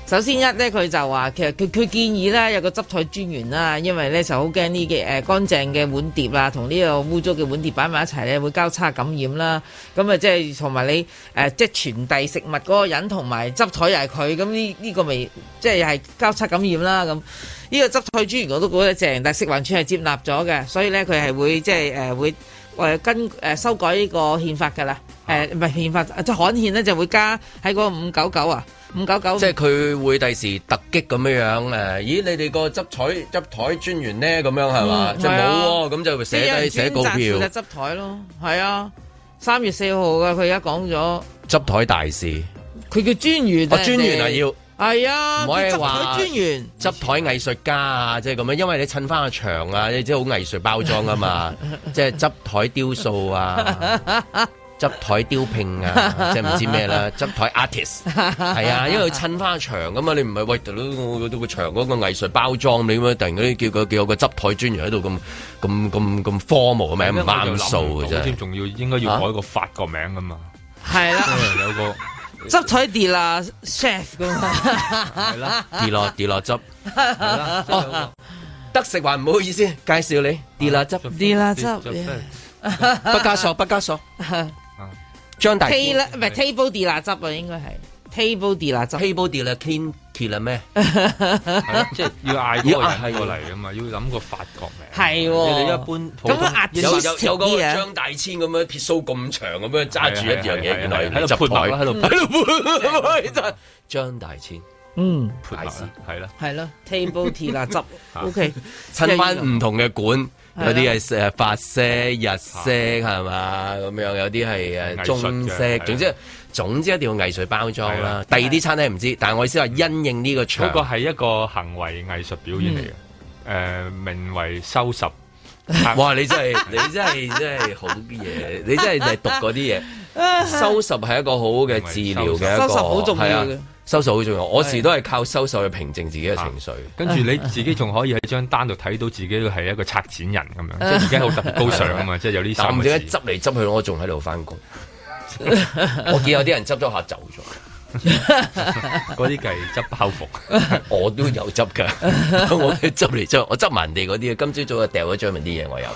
首先一咧，佢就話其實佢佢建議咧有個執菜專員啦，因為咧就好驚呢嘅誒乾淨嘅碗碟啦，同呢個污糟嘅碗碟擺埋一齊咧會交叉感染啦。咁啊、就是，即係同埋你誒即係傳遞食物嗰個人同埋執菜又係佢，咁呢呢個咪即係又係交叉感染啦咁。呢個執枱專員我都覺得正，但食環署係接納咗嘅，所以咧佢係會即係誒會誒跟誒修改呢個憲法噶啦，誒唔係憲法，即刊憲咧就會加喺個五九九啊，五九九。即係佢會第時突擊咁樣樣誒？咦，你哋個執枱執枱專員咧咁樣係嘛？即冇喎，咁就寫低寫個告票。執枱咯，係啊，三月四號嘅，佢而家講咗執枱大事。佢叫專員，我專員啊要。係啊，唔可以話執台專員、執台藝術家啊，即係咁樣，因為你襯翻個牆啊，即係好藝術包裝啊嘛， 即係執台雕塑啊，執台 雕拼啊，即係唔知咩啦，執台 artist，係 啊，因為佢襯翻個牆咁啊，你唔係喂到個牆嗰個藝術包裝你樣突然嗰啲叫佢叫有個執台專員喺度咁咁咁咁 formal 嘅名唔啱數仲要，應該要改個法國名噶嘛，係啦、啊，有個。 執彩跌啦，chef 咁啊，跌落跌落汁，得食還唔好意思，介紹你跌落汁，跌落汁，畢加索、畢加索，張大，table 唔係 table 跌落汁啊，應該係。table 啲啦，table 啲啦 clean clean 咩？即係要嗌嗰個人喺過嚟啊嘛，要諗個法國名。係你哋一般咁樣壓住有有有個張大千咁樣撇鬚咁長咁樣揸住一樣嘢，原來喺度判度，喺度判，真係張大千。嗯，判女係啦，係咯，table 啲啦，執 OK，襯翻唔同嘅館，有啲係誒法式、日式係嘛咁樣，有啲係誒中式，總之。總之一定要藝術包裝啦。第二啲餐廳唔知，但係我意思話因應呢個場，呢個係一個行為藝術表演嚟嘅。誒，名為收拾。哇！你真係你真係真係好啲嘢，你真係就讀嗰啲嘢。收拾係一個好嘅治療嘅一個好重要。收拾好重要。我時都係靠收拾去平靜自己嘅情緒。跟住你自己仲可以喺張單度睇到自己係一個策展人咁樣，即係而家好特別高尚啊嘛，即係有呢三。點解執嚟執去，我仲喺度返工？ 我見有啲人執咗下走咗，嗰啲計執包袱， 我都有執噶， 我執嚟執，我執埋人哋嗰啲啊。今朝早啊掉咗張文啲嘢，我有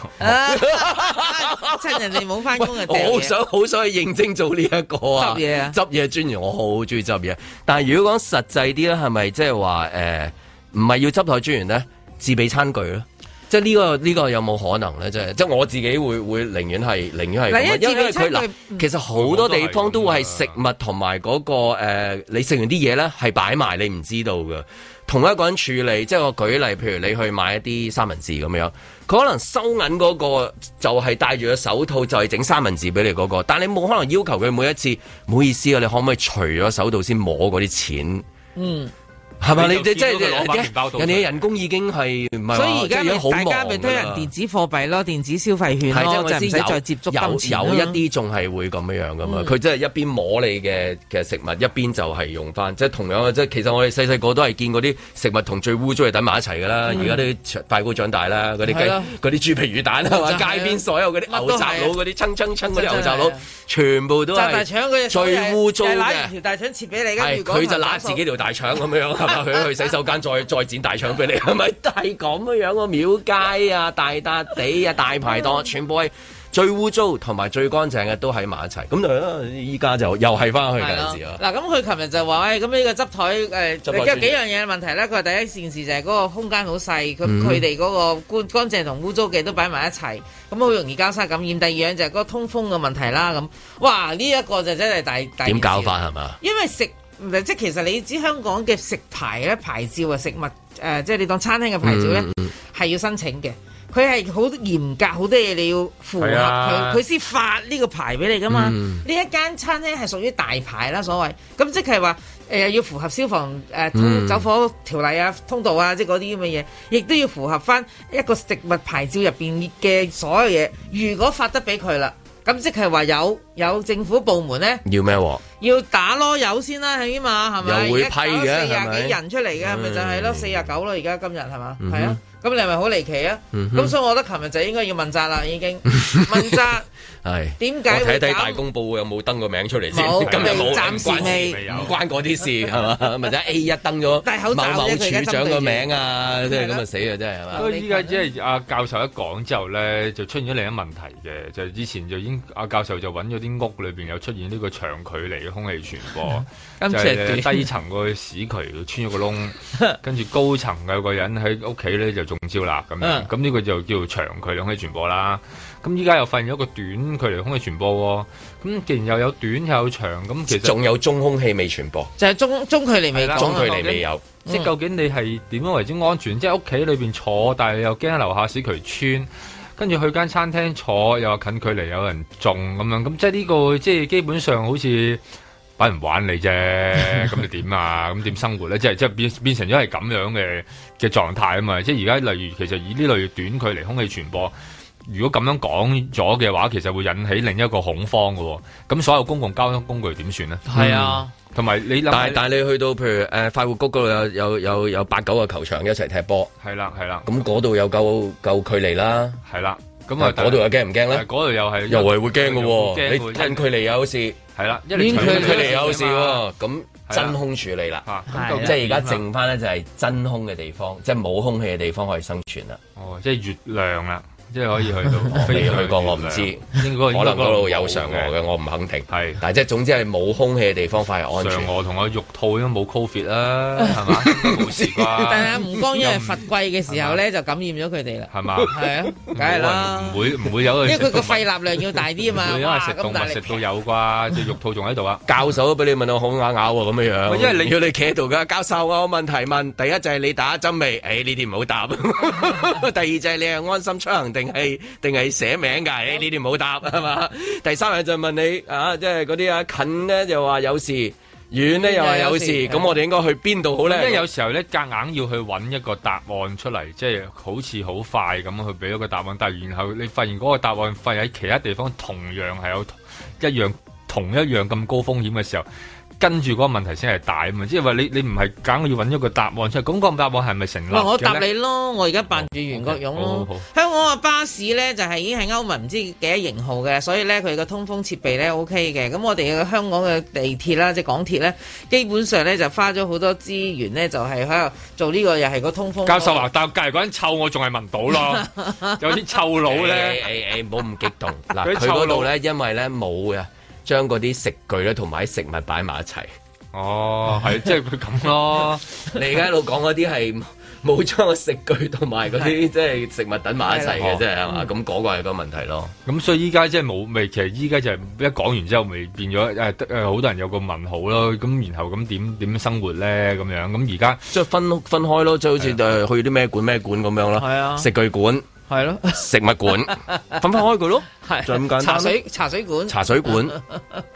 趁人哋冇翻工啊！喂我好想好想去應徵做呢一個啊，執嘢啊，執嘢專員，我好中意執嘢。但係如果講實際啲咧，係咪即係話誒，唔、呃、係要執台專員咧，自備餐具咯？即係呢個呢、這個有冇可能咧？即係即係我自己會會寧願係寧願係，因為佢嗱，呃、他其實好多地方都會係食物同埋嗰個誒、呃，你食完啲嘢咧係擺埋你唔知道嘅，同一個人處理。即係我舉例，譬如，你去買一啲三文治咁樣，佢可能收銀嗰個就係戴住個手套，就係整三文治俾你嗰，那個。但你冇可能要求佢每一次唔好意思啊，你可唔可以除咗手套先摸嗰啲錢？嗯。係咪你你即係你嘅人工已經係，所以而家你大家咪聽人電子貨幣咯，電子消費券咯，即係唔使再接觸。有有一啲仲係會咁樣樣噶嘛？佢即係一邊摸你嘅嘅食物，一邊就係用翻。即係同樣，即係其實我哋細細個都係見嗰啲食物同最污糟係等埋一齊㗎啦。而家都快高長大啦，嗰啲雞、嗰啲豬皮魚蛋係嘛？街邊所有嗰啲牛雜佬嗰啲，㩒㩒㩒嗰啲牛雜佬，全部都係最污糟嘅。係攋條大腸切俾你，佢就攋自己條大腸咁樣。佢 去，去洗手間再再剪大腸俾你，係咪？係咁嘅樣個、啊、廟街啊、大笪地啊、大排檔，全部係最污糟同埋最乾淨嘅都喺埋一齊。咁、嗯、啊，依家就又係翻去嘅事咯。嗱，咁佢琴日就話喂，咁呢個執台誒，呃、有幾樣嘢問題咧。佢話第一件事就係、是、嗰個空間好細，佢佢哋嗰個乾乾淨同污糟嘅都擺埋一齊，咁好容易交叉感染。第二樣就係嗰個通風嘅問題啦。咁哇，呢、這、一個就真係大。第點搞法係嘛？因為食。即係其實你知香港嘅食牌咧、牌照啊、食物誒、呃，即係你當餐廳嘅牌照咧，係、嗯、要申請嘅。佢係好嚴格，好多嘢你要符合佢，佢先、啊、發呢個牌俾你噶嘛。呢、嗯、一間餐廳係屬於大牌啦，所謂咁即係話誒要符合消防誒、呃嗯、走火條例啊、通道啊，即係嗰啲咁嘅嘢，亦都要符合翻一個食物牌照入邊嘅所有嘢。如果發得俾佢啦，咁即係話有。有政府部門咧，要咩？要打囉柚先啦，起碼係咪？又會批嘅，四廿幾人出嚟嘅，係咪就係咯？四廿九咯，而家今日係嘛？係啊，咁你係咪好離奇啊？咁所以我覺得琴日就應該要問責啦，已經問責係點解？睇睇大公報有冇登個名出嚟先，咁又暫時未，唔關嗰啲事係嘛？咪就 A 一登咗某某處長個名啊，即係咁啊死啊，真係係嘛？依家即係阿教授一講之後咧，就出現咗另一問題嘅，就係以前就已經阿教授就揾咗。啲屋裏邊又出現呢個長距離嘅空氣傳播， 最就係低層個屎渠穿咗個窿， 跟住高層有個人喺屋企咧就中招啦。咁，咁呢 個就叫做長距離空氣傳播啦。咁依家又發現咗個短距離空氣傳播，哦，咁既然又有短又有長，咁其實仲有中空氣未傳播，就係中中距離未講，中距離未，啦未有，嗯、即係究竟你係點樣為之安全？嗯、即係屋企裏邊坐，但係又驚樓下屎渠穿。跟住去間餐廳坐，又近距離有人種咁樣，咁即係呢個即係基本上好似擺人玩嚟啫，咁你點啊？咁點生活咧？即係即係變變成咗係咁樣嘅嘅狀態啊嘛！即係而家例如其實以呢類短距離空氣傳播。如果咁樣講咗嘅話，其實會引起另一個恐慌嘅。咁所有公共交通工具點算呢？係啊，同埋你但係但你去到譬如誒快活谷嗰度有有有有八九個球場一齊踢波，係啦係啦。咁嗰度有夠夠距離啦。係啦，咁啊嗰度又驚唔驚咧？嗰度又係又係會驚嘅。你近距離有事係啦，遠距離有事。咁真空處理啦，即係而家剩翻咧就係真空嘅地方，即係冇空氣嘅地方可以生存啦。哦，即係月亮啦。即係可以去到未去過，我唔知，應該可能嗰度有嫦娥嘅，我唔肯定。係，但係即係總之係冇空氣嘅地方反而安全。嫦娥同我玉兔都冇 COVID 啦，係嘛？冇事啩？但係唔光因為佛季嘅時候咧就感染咗佢哋啦，係嘛？係啊，梗係啦。唔會唔會有？因為佢個肺活量要大啲啊嘛，食動物食到有啩？隻玉兔仲喺度啊？教授都俾你問到好咬咬喎咁嘅樣。因為你要你企喺度㗎，教授，我問題問第一就係你打針未？誒，呢啲唔好答。第二就係你係安心出行定係定係寫名噶？呢啲唔好答係嘛？ 第三樣就問你啊，即係嗰啲啊，近咧又話有事，遠咧又話有事，咁、嗯、我哋應該去邊度好咧？嗯嗯、因為有時候咧，夾硬要去搵一個答案出嚟，即係好似好快咁去俾一個答案，但係然後你發現嗰個答案係喺其他地方同樣係有一樣同一樣咁高風險嘅時候。 跟住嗰個問題先係大嘛，即係話你你唔係揀我要揾一個答案出嚟。咁個答案係咪成立？我答你咯，我而家扮住袁國勇咯。香港嘅巴士咧就係已經係歐盟唔知幾多型號嘅，所以咧佢嘅通風設備咧 OK 嘅。咁我哋香港嘅地鐵啦，即係港鐵咧，基本上咧就花咗好多資源咧，就係喺度做呢個又係個通風。教授話，那個、但係隔籬嗰陣臭，我仲係聞到咯， 有啲臭佬咧、哎，誒唔好咁激動嗱，佢嗰度咧，因為咧冇嘅。將嗰啲食具咧同埋食物擺埋一齊。哦，係，即係佢咁咯。你而家一路講嗰啲係冇將個食具同埋嗰啲即係食物等埋一齊嘅，即係係嘛？咁嗰個係個問題咯。咁、嗯、所以依家即係冇，咪其實依家就係一講完之後，咪變咗誒誒，好多人有個問號咯。咁然後咁點點生活咧？咁樣咁而家即係分分開咯，即係好似就係去啲咩館咩的館咁樣啦。係啊的，食具館。係咯，是食物館分翻開佢咯，就咁的簡單。茶水，茶水館，茶水館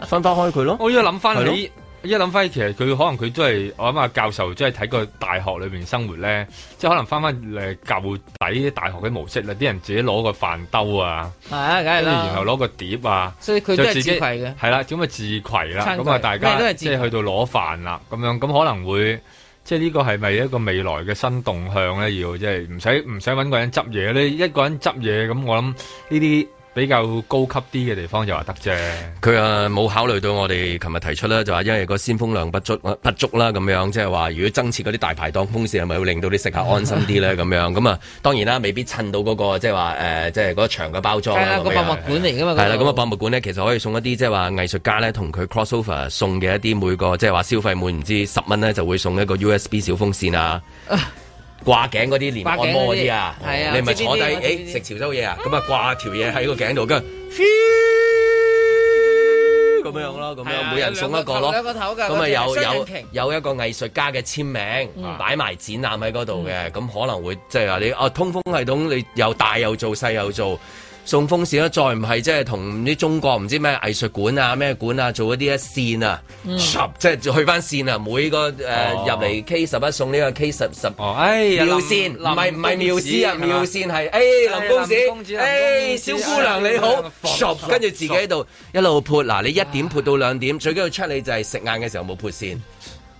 分翻開佢咯。我一諗翻起，一諗翻起，其實佢可能佢都係，我諗下教授即係睇個大學裏邊生活咧，即係可能翻翻誒舊底啲大學嘅模式啦，啲人自己攞個飯兜啊，係啊，跟住然，然後攞個碟啊，所以佢都係自攜嘅。係啦，咁咪自攜啦，咁啊櫃大家即係去到攞飯啦，咁樣咁可能會。即係呢個係咪一個未來嘅新動向咧？要即係唔使唔使揾個人執嘢咧，一個人執嘢咁，我諗呢啲。比較高級啲嘅地方就話得啫，佢啊冇考慮到我哋琴日提出啦，就話因為個先風量不足不足啦咁樣，即係話如果增設嗰啲大排檔風扇，係咪會令到啲食客安心啲咧？咁 樣咁啊，當然啦，未必襯到嗰、嗰個即係話即係嗰場嘅包裝。係 啊，個博物館嚟㗎嘛。係啦的，咁啊 博物館咧，其實可以送一啲即係話藝術家咧，同佢 crossover 送嘅一啲每個即係話消費滿唔知十蚊咧，就會送一個 USB 小風扇啊。 掛頸嗰啲連按摩嗰啲啊，你咪坐低，誒，食潮州嘢啊，咁啊掛條嘢喺個頸度，跟住咁樣樣咯，咁樣每人送一個咯，咁啊有有有一個藝術家嘅簽名，擺埋展覽喺嗰度嘅，咁可能會即係話你，哦，通風系統你又大又做，細又做。送風扇再唔係即係同啲中國唔知咩藝術館啊、咩館啊做一啲一線啊，十即係去翻線啊，每個誒入嚟 K 十一送呢個 K 十十，哎，妙線唔係唔係妙線啊，妙線係，哎，林公子，哎，小姑娘你好，十，跟住自己喺度一路潑，嗱你一點潑到兩點，最緊要出嚟就係食晏嘅時候冇潑線。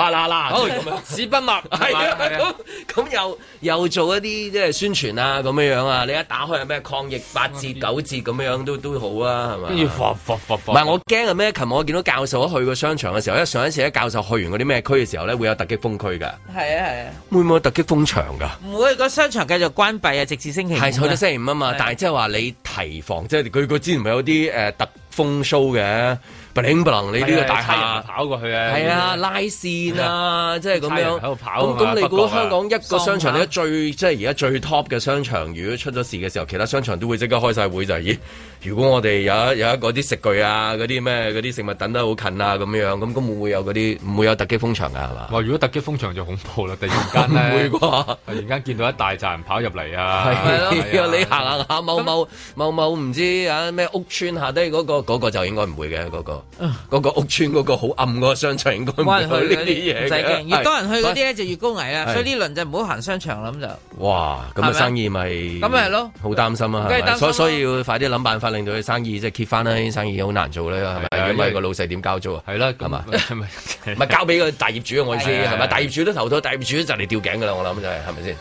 啦啦，好紙 不係咁咁又又做一啲即係宣傳啊，咁樣樣啊，你一打開有咩抗疫八字、九字咁樣都都好啊，係咪？跟住發發發發，唔係我驚係咩？琴日我見到教授去個商場嘅時候，因為上一次咧教授去完嗰啲咩區嘅時候咧，會有突擊風區噶。係啊係啊，啊會唔會有突擊風場噶？唔會，個商場繼續關閉啊，直至星期係、啊，去到星期五啊嘛。啊但係即係話你提防，即係佢個之前唔係有啲誒突風 show 嘅。b l i n 你呢個大廈、啊、跑過去啊！係啊，拉線啊，即係咁樣喺度跑那，咁咁、啊、你估香港一個商場咧最話即係而家最 top 嘅商場如果出咗事嘅時候，其他商場都會即刻開晒會，就係咦？如果我哋有有一個啲食具啊，嗰啲咩嗰啲食物等得好近啊，咁樣咁咁會唔會有嗰啲唔會有突擊風場噶係嘛？哇！如果突擊風場就恐怖啦，突然間咧，唔 會啩吧？突然間見到一大扎人跑入嚟啊！係咯，你行行下某那某某某唔知啊咩屋村下低嗰、那個嗰、那個就應該唔會嘅嗰、那個呃、個屋村，嗰個好暗嗰個商場應該唔會呢啲嘢。唔使驚，越多人去嗰啲咧就越高危啦，的所以呢輪就唔好行商場啦就。哇！咁啊生意咪咁咪係咯，好的擔心啊！所所以要快啲諗辦法。令到佢生意即係跌翻啦！生意好難做啦，係咪咁咪個老細點交租是啊？係啦，係嘛吧，唔係 交俾個大業主，我意思係咪大業主都頭痛，大業主就嚟吊頸噶啦！我諗就係、是，係咪先？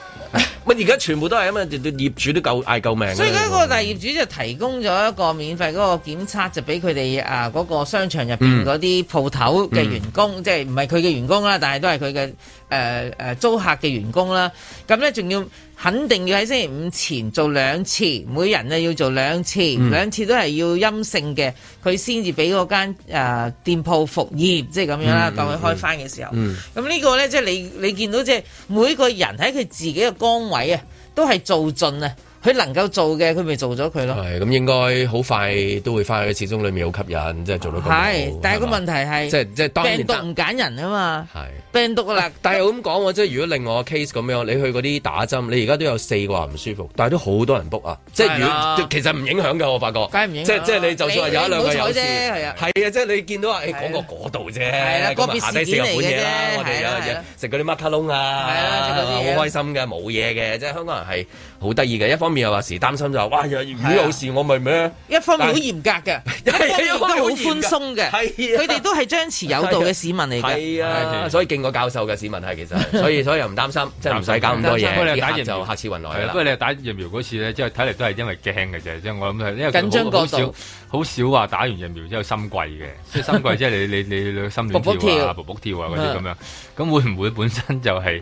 乜而家全部都係啊嘛！業業主都夠嗌救命的。所以嗰個大業主就提供咗一個免費嗰個檢測，就俾佢哋啊嗰、那個商場入邊嗰啲鋪頭嘅員工，即係唔係佢嘅員工啦，但係都係佢嘅。誒誒、呃、租客嘅員工啦，咁咧仲要肯定要喺星期五前做兩次，每人咧要做兩次，嗯、兩次都係要陰性嘅，佢先至俾嗰間、呃、店鋪復業，即係咁樣啦，當佢開返嘅時候。咁、嗯嗯嗯、呢個咧，即、就、係、是、你你見到即係每個人喺佢自己嘅崗位啊，都係做盡啊！佢能夠做嘅，佢咪做咗佢咯。係咁，應該好快都會返去。始終裏面好吸引，即係做到咁好。係，但係個問題係，即係即係病毒唔揀人啊嘛。係病毒啦，但係我咁講喎，即係如果另外個 case 咁樣，你去嗰啲打針，你而家都有四個話唔舒服，但係都好多人 book 啊。即係其實唔影響嘅，我發覺。梗係唔影響啦。即係你就算話有一兩個有事，係啊，即係你見到話誒講個嗰度啫，個別事件嚟嘅啫。我哋有嘢，食嗰啲麥卡龍啊，好開心嘅，冇嘢嘅，即係香港人係好得意嘅一方。又話時擔心就話，哇！如果有事我咪咩？一方面好嚴格嘅，一方面好寬鬆嘅。係啊，佢哋都係張弛有道嘅市民嚟嘅，所以勁過教授嘅市民係其實。所以所以又唔擔心，即係唔使搞咁多嘢。不過你打完就下次運來啦。不過你打疫苗嗰次咧，即係睇嚟都係因為驚嘅啫。即係我諗係因為緊張過度，好少話打完疫苗之後心悸嘅，即係心悸即係你你你你心亂跳啊，卜卜跳啊嗰啲咁樣。咁會唔會本身就係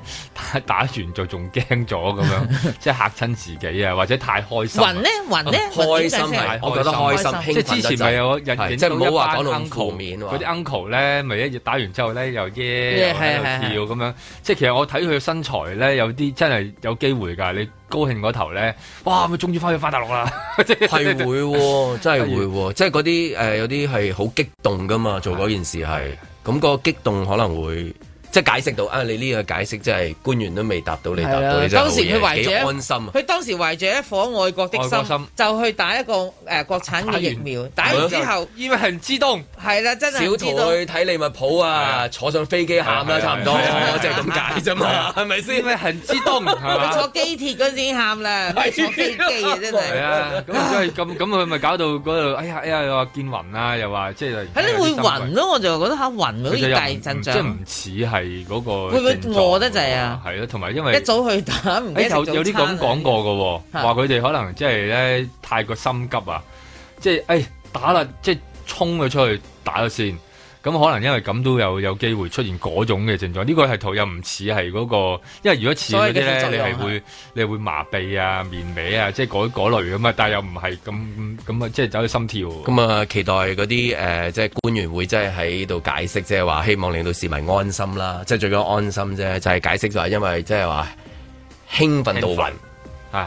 打完就仲驚咗咁樣，即係吓親自己啊？或者太開心，雲咧雲咧，開心係，我覺得開心，即係之前咪有日，印影咗一班 uncle 面，嗰啲 uncle 咧，咪一日打完之後咧，又耶又笑咁樣，即係其實我睇佢身材咧，有啲真係有機會㗎，你高興嗰頭咧，哇，佢終於翻去翻大陸啦，係會，真係會，即係嗰啲誒有啲係好激動㗎嘛，做嗰件事係，咁個激動可能會。即係解釋到啊！你呢個解釋真係官員都未答到你，答到當時佢懷咗安心。佢當時懷著一顆愛國的心，就去打一個誒國產嘅疫苗。打完之後，因為恒之東係啦，真係小圖去睇利物浦啊，坐上飛機喊啦，差唔多，即係咁解啫嘛，係咪先？因為恆之東坐機鐵嗰陣喊啦，唔係坐飛機真係。係啊，咁咁佢咪搞到嗰度？哎呀哎呀，又話見暈啊，又話即係。係會暈咯，我就覺得嚇暈好似第二陣即唔似係係嗰個會唔會餓得滯啊？係咯，同埋因為一早去打，唔有啲咁講過嘅，話佢哋可能即係咧太過心急啊，即係誒打啦，即係衝佢出去打咗先。咁可能因為咁都有有機會出現嗰種嘅症狀，呢個係又唔似係嗰個，因為如果似啲咧，你係會的你會麻痹啊、面萎啊，即係嗰嗰類咁嘛，但係又唔係咁咁啊，即係走去心跳。咁啊，期待嗰啲誒，即係官員會即係喺度解釋，即係話希望令到市民安心啦，即係最緊安心啫，就係、是、解釋就係因為即係話興奮到暈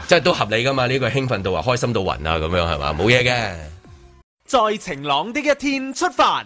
即係都合理噶嘛，呢、這個興奮到話開心到暈啊，咁樣係嘛，冇嘢嘅。在晴朗的一天出發。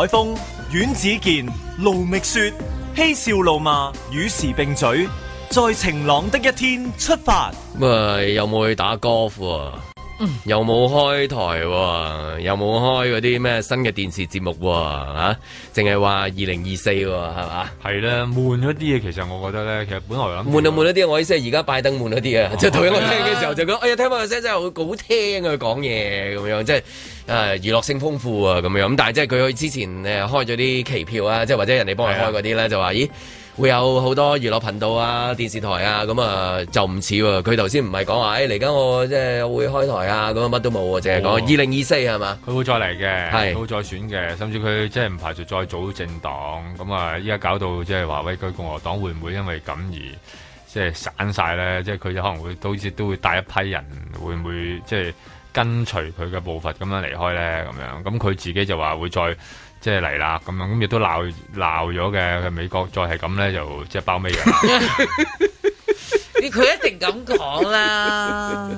海峰，阮子健，盧覓雪，嬉笑怒罵，與時並嘴，在晴朗的一天出發。喂、呃，有冇去打 golf 啊？又冇開台、啊，又冇開嗰啲咩新嘅電視節目啊，淨係話二零二四係嘛？係啦、啊，悶咗啲嘢。其實我覺得咧，其實本來諗悶就悶咗啲。我意思係而家拜登悶咗啲啊，即係對我聽嘅時候就講，啊、哎呀，聽返個聲真係好好聽講、就是、啊，佢講嘢咁樣，即係誒娛樂性豐富啊咁樣。咁但係即係佢之前誒開咗啲期票啊，即、就、係、是、或者人哋幫佢開嗰啲咧，是的 就話咦。會有好多娛樂頻道啊、電視台啊，咁啊就唔似喎。佢頭先唔係講話，誒嚟緊我即係會開台啊，咁啊乜都冇啊，淨係講二零二四係嘛？佢、哦、會再嚟嘅，是會再選嘅，甚至佢即係唔排除再組政黨。咁啊，依家搞到即係話喂，佢共和黨會唔會因為咁而即係散晒咧？即係佢就可能會好似都會帶一批人，會唔會即係跟隨佢嘅步伐咁樣離開咧？咁樣，咁佢自己就話會再。即係嚟啦，咁樣咁亦都鬧鬧咗嘅。美國再係咁咧，就即係包尾嘅。你佢一定咁講啦。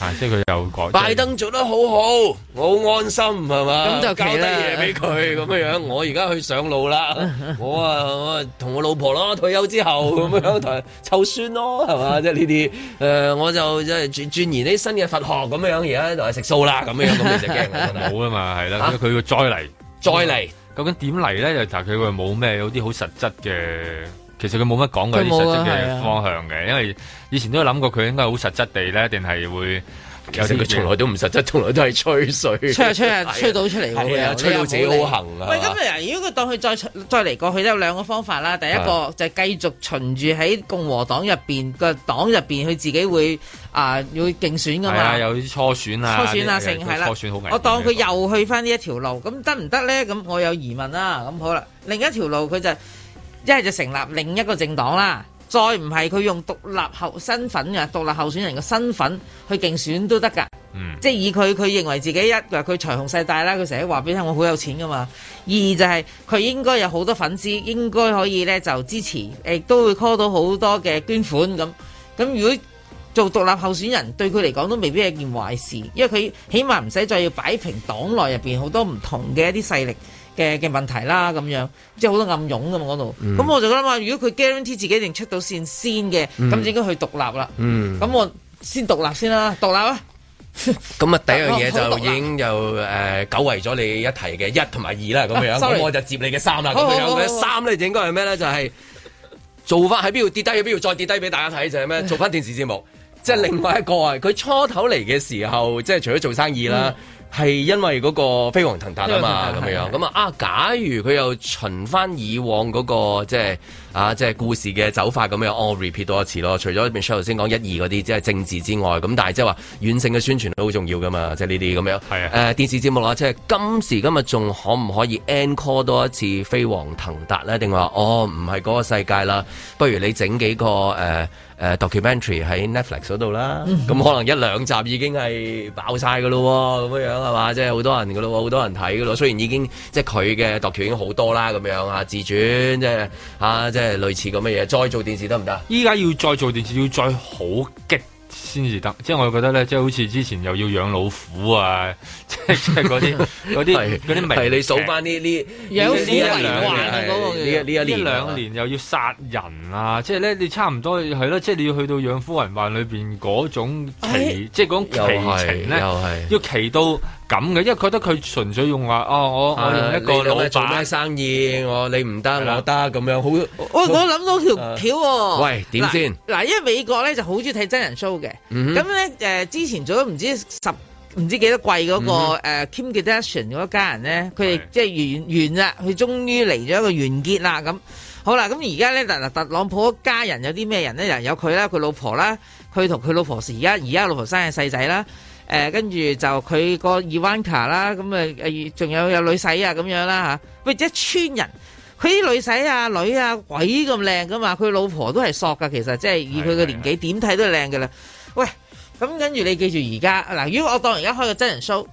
吓，即係佢又講。拜登做得好好，我好安心係嘛？咁就交低嘢俾佢咁樣樣。我而家去上路啦。我啊，我同我老婆咯，退休之後咁樣，同湊孫咯，係嘛？即係呢啲誒，我就即係轉轉移啲新嘅佛學咁樣樣，而家就係食素啦，咁樣咁就驚啦。好啊嘛，係啦，咁佢要再嚟。再嚟究竟點嚟咧？就其實佢又冇咩有啲好實質嘅，其實佢冇乜講過啲實質嘅方向嘅，因為以前都有諗過佢應該好實質地咧，定係會。其實佢從來都唔實質，從來都係吹水。吹啊吹啊，吹到出嚟嘅，吹到自己好行。啊！喂是，咁啊吧，如果佢當佢再再嚟過去，佢都有兩個方法啦。第一個就係繼續循住喺共和黨入邊個黨入邊，佢自己會啊、呃、要競選噶嘛，啊、有些初選啊，初選啊，剩係啦。選好、啊、危、啊，我當佢又去翻呢一條路，咁得唔得咧？咁我有疑問啦。咁好啦，另一條路佢就一係就成立另一個政黨啦。再唔係佢用獨立候身份獨立候選人嘅身份去競選都得噶，嗯、即係以佢佢認為自己一佢財雄勢大啦，佢成日話俾你聽我好有錢噶嘛。二就係、是、佢應該有好多粉絲，應該可以呢就支持，亦都會 call 到好多嘅捐款咁。咁如果做獨立候選人，對佢嚟講都未必係一件壞事，因為佢起碼唔使再要擺平黨內入面好多唔同嘅一啲勢力。嘅嘅問題啦，咁樣即係好多暗湧噶嘛嗰度，咁、嗯、我就覺得話，如果佢 guarantee 自己一定出到線先嘅，咁、嗯、應該去獨立啦。咁、嗯、我先獨立先啦，獨立啊！咁 啊、嗯，第一樣嘢就已經又誒、呃、久違咗你一提嘅一同埋二啦，咁樣咁、啊、我就接你嘅三啦，咁好樣嘅三你就應該係咩咧？就係、是、做法喺邊度跌低，喺邊度再跌低俾大家睇，就係咩？做翻電視節目，唉即係另外一個啊！佢初頭嚟嘅時候，即係除咗做生意啦。嗯係因為嗰個飛黃騰達啊嘛，咁樣咁啊是啊！假如佢又循翻以往嗰、嗰個即係啊即係故事嘅走法咁樣，我 repeat 多一次咯。除咗邊 show 頭先講一二嗰啲，即係政治之外，咁但係即係話軟性嘅宣傳都好重要噶嘛，即係呢啲咁樣。係啊是的、呃，誒電視節目啦，即係今時今日仲可唔可以 encore 多一次飛黃騰達咧？定話哦，唔係嗰個世界啦，不如你整幾個誒？呃誒 documentary 喺 Netflix 嗰度啦，咁、uh, 可能一兩集已經係爆晒㗎嘅咯，咁樣係嘛？即係好多人嘅咯，好多人睇㗎咯。雖然已經即係佢嘅 documentary 已經好多啦，咁樣自傳啊，自傳即係啊即係類似咁嘅嘢，再做電視得唔得？依家要再做電視要再好激。先至得，即係我覺得咧，即係好似之前又要養老虎啊，即係即係嗰啲啲啲迷。你數翻呢啲，有呢一年，呢一兩年又要殺人啊！即係咧，你差唔多係咯，即係你要去到養夫人環裏邊嗰種奇，即係嗰種奇情咧，又係要奇到。咁嘅，因為覺得佢純粹用話，哦，我、啊、我一個老闆做咩生意，我你唔得，我得咁的樣好。我我諗到條橋。啊條喔、喂，點先？嗱、啊，因為美國咧就好中意睇真人 show 嘅，咁咧誒，之前做咗唔知十唔知幾多季嗰、那個誒、嗯哼啊、Kim Kardashian 嗰一家人咧，佢哋即係完完啦，佢終於嚟咗一個完結啦，咁好啦。咁而家咧，特朗普家人有啲咩人咧？有佢啦，佢老婆啦，佢同佢老婆係而家而家老婆生嘅細仔啦。誒、呃、跟住就佢個伊萬卡啦，咁誒誒仲有有女仔啊咁樣啦嚇，喂、啊、一村人，佢啲女仔啊女啊鬼咁靚噶嘛，佢老婆都係索噶，其實即係以佢嘅年紀點睇是都係靚㗎啦。喂，咁、嗯、跟住你記住而家嗱，如果我當而家開個真人 show，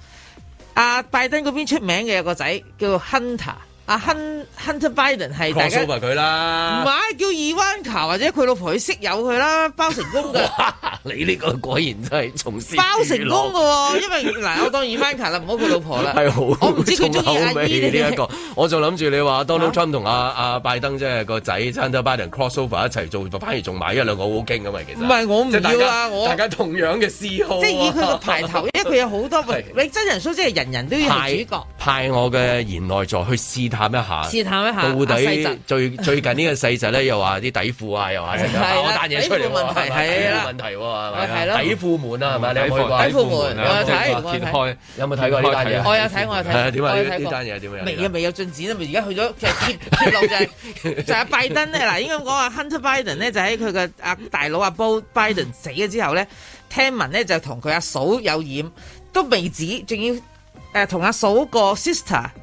阿、啊、拜登嗰邊出名嘅有個仔叫 Hunter。阿 Hunter Biden cross over 佢啦，唔係叫 Ivanka 或者佢老婆佢識有佢啦，包成功嘅。 你呢個果然真係從事包成功嘅，因為嗱，我當 Ivanka 啦，唔好佢老婆啦。係好我唔知佢鍾意呢一個，這個、我就諗住你話 Donald Trump 同阿阿拜登即係個仔 Hunter Biden cross over 一齊做，反而仲買一兩個好驚咁啊！其實唔係我唔要啊，大我大家同樣嘅嗜好、啊，即係以佢個排頭，因為佢有好多，你的真人 show 即係人人都要主角，派，派我嘅賢內助去試探。探一下，探一下。到底最最近呢個細仔咧，又話啲底褲啊，又話成日爆單嘢出嚟，係底褲問題底褲門啊，係咪？你去底褲門，我睇，有冇睇過呢單嘢？我有睇，我有睇。點啊？呢單嘢點啊？未未有進展啊？咪而家去咗，其實揭揭落就就阿拜登咧，嗱，應該咁講啊，Hunter Biden 咧就喺佢嘅阿大佬阿 Beau Biden 死咗之後咧，聽聞咧就同佢阿嫂有染，都未止，仲要誒同阿嫂個 sister。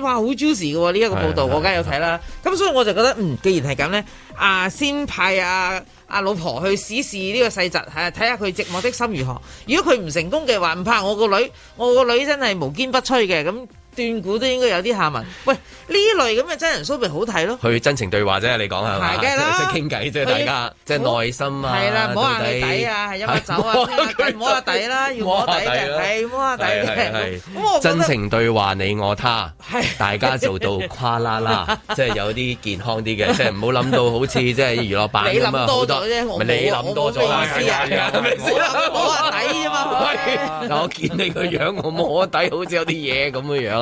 哇，好 juicy 喎。哦，呢、這、一個報道，的我梗係有睇啦。咁的所以我就覺得，嗯，既然係咁呢，啊，先派阿、啊、阿、啊、老婆去試試呢個細節，係睇下佢寂寞的心如何。如果佢唔成功嘅話，唔怕我個女，我個女真係無堅不摧嘅咁。斷估都應該有啲下文。喂，呢類咁嘅真人 show 咪好睇咯。去真情對話啫，你講係嘛？係嘅啦，識傾偈啫，大家即係耐心啊。係啦，唔好話底啊，係飲下酒啊，唔好話底啦，要摸底嘅，係摸底嘅。真情對話你我他，大家做到夸啦啦，即係有啲健康啲嘅，即係唔好諗到好似即係娛樂版。你諗多咗啫，你諗多咗啊？唔好話底嘛。我見你個樣，我摸底好似有啲嘢咁嘅樣。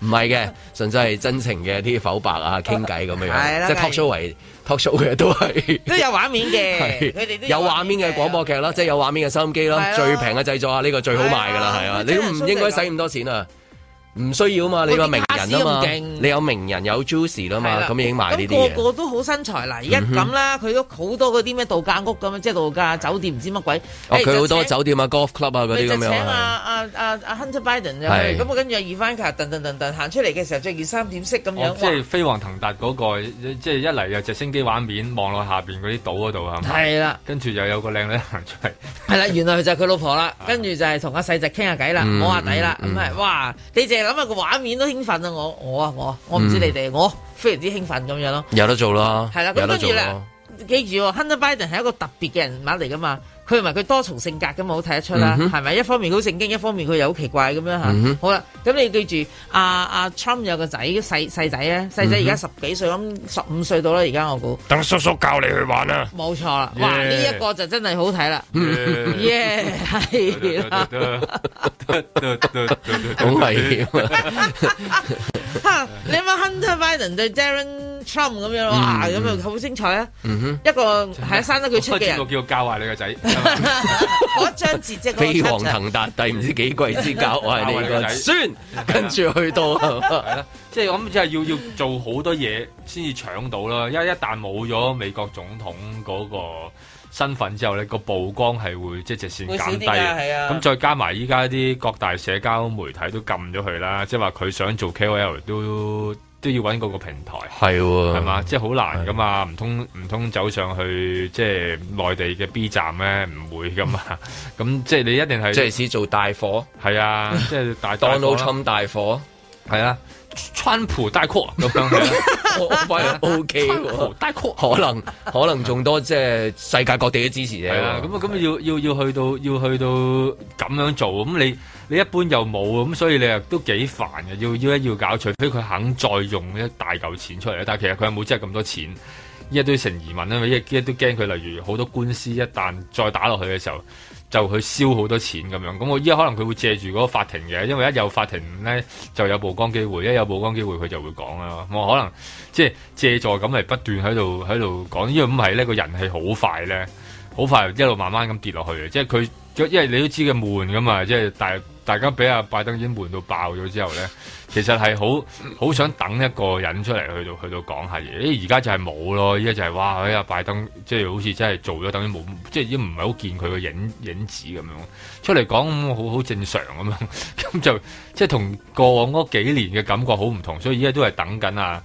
唔係嘅，純粹係真情嘅啲剖白啊，傾偈咁樣樣，係啦，即係 talk show 嚟 talk show 嘅都係都有畫面嘅，佢哋都有畫面嘅廣播劇啦，即係有畫面嘅收音機啦，係最平嘅製作啊，呢個最好賣噶啦，係啊，你都唔應該使咁多錢啊！唔需要啊嘛！你個名人啊嘛，你有名人有 Juicy 啦嘛，咁影埋呢啲嘅。咁個個都好身材嗱，一咁啦，佢都好多嗰啲咩度假屋咁啊，即係度假酒店唔知乜鬼。哦，佢好多酒店啊，Golf Club 啊嗰啲咁樣啊。你就請阿 Hunter Biden 咁啊跟住二番客噔噔噔噔行出嚟嘅時候，即二三點色咁樣？即係飛黃騰達嗰個，即係一嚟又直升機畫面望落下邊嗰啲島嗰度係咪？係啦，跟住又有個靚女行出嚟。係啦，原來就係佢老婆啦，跟住就係同阿細仔傾下偈啦，摸下底啦，唔係哇呢隻。咁啊個畫面都興奮啊！我我啊我我唔知你哋，嗯、我非常之興奮咁樣咯，有得做囉，係啦的，有得做啦，跟住呢，記住，Hunter Biden 係一個特別嘅人物嚟噶嘛。佢唔係佢多重性格咁好睇得出啦，係咪？一方面好正經，一方面佢又好奇怪咁樣吓。好啦，咁你記住，阿阿 Trump 有個仔細細仔啊，細仔而家十幾歲咁，十五歲到啦，而家我估。等叔叔教你去玩啦。冇錯啦，哇！呢一個就真係好睇啦。耶，係啦，都都好危險。你有冇 Hunter Biden 對 Barron Trump 咁樣，哇！咁樣好精彩啊。一個係生得佢出嘅。呢節目叫教壞你個仔。嗰張字即飛黃騰達，弟，唔知幾貴之搞。我係你個孫，跟住去到，即係我諗即係要要做好多嘢先至搶到啦。因為一旦冇咗美國總統嗰個身份之後咧，個曝光係會即係直線減低。咁、啊啊、再加埋依家啲各大社交媒體都禁咗佢啦，即係話佢想做 K O L 都，都要揾嗰個平台，係喎的，係嘛？即係好難噶嘛，唔通唔通走上去即係內地嘅 B 站咧，唔會噶嘛？咁即係你一定係即係先做大火，係啊，即係大， 大貨 Donald Trump 大火，係啊。川普大 c 咁樣，O K，大 c 可能可能仲多即係世界各地嘅支持者啦。咁啊，咁要要要去到要去到咁樣做，咁、嗯、你你一般又冇，咁所以你又都幾煩嘅。要要一要搞，除非佢肯再用一大嚿錢出嚟。但係其實佢又冇真係咁多錢，依家都成移民啦，依家都驚佢例如好多官司一旦再打落去嘅時候。就去燒好多錢咁樣，咁我依家可能佢會借住嗰個法庭嘅，因為一有法庭咧就有曝光機會，一有曝光機會佢就會講啦。我可能即係借助咁嚟不斷喺度喺度講，呢個唔係呢個人係好快咧，好快一路慢慢咁跌落去嘅，即係佢，因為你都知佢悶噶嘛，即係大。但大家俾阿拜登已經悶到爆咗之後咧，其實係好好想等一個人出嚟去到去到講下嘢。而家就係冇咯，依家就係話，哇！依阿拜登即係好似真係做咗，等於冇，即係已經唔係好見佢個影影子咁樣出嚟講，好好正常咁樣，咁就即係同過往嗰幾年嘅感覺好唔同，所以依家都係等緊啊！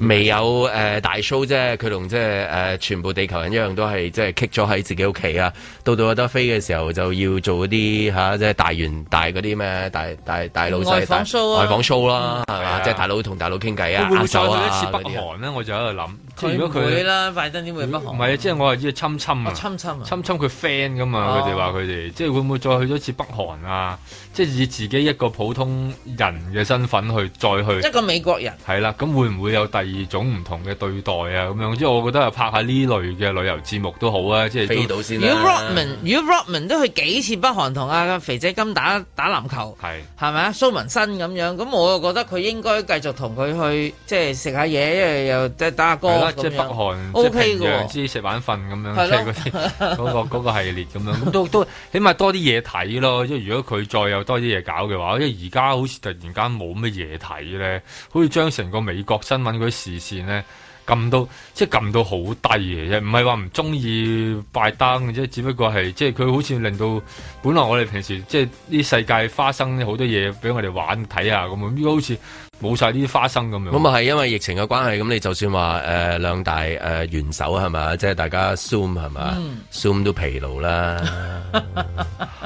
未有大 show 啫，佢同即係誒全部地球人一樣，都係即係棘咗喺自己屋企啊！到到有得飛嘅時候，就要做嗰啲嚇，即係大元大嗰啲咩大大大佬、外訪 show 外訪 show 啦，係啊！即係大佬同大佬傾偈啊，握手啊！會唔會再去一次北韓咧？我就喺度諗，如果佢唔會啦，拜登點會北韓？唔係啊，即係我話要侵侵啊，侵侵侵侵佢 friend 噶嘛？佢哋話佢哋即係會唔會再去咗一次北韓啊？即係以自己一個普通人嘅身份去再去一個美國人係啦，咁會唔會有第二種唔同嘅對待啊？咁樣即係我覺得拍下呢類嘅旅遊節目都好啊！即係飛到先。如果 Rodman，如果 Rodman 都去幾次北韓同阿肥仔金打打籃球，係係咪啊？蘇文新咁樣，咁我又覺得佢應該繼續同佢去即係食下嘢，因為又即係打下歌。即係北韓即係平壤之食飯瞓咁樣。係咯，嗰、嗰個、個系列咁樣，都都起碼多啲嘢睇咯。即係如果佢再有多啲嘢搞嘅話，因為而家好似突然間冇乜嘢睇咧，好似將成個美國新聞嗰啲視線咧，撳到即係撳到好低嘅啫，唔係話唔中意拜登嘅，即係只不過係即係佢好似令到本來我哋平時即係啲世界花生好多嘢俾我哋玩睇啊咁，而家好似冇晒啲花生咁樣。咁啊，係、嗯、因為疫情嘅關係，咁你就算話誒兩大誒、呃、元首係咪，即係大家 zoom 係咪，zoom 都疲勞啦，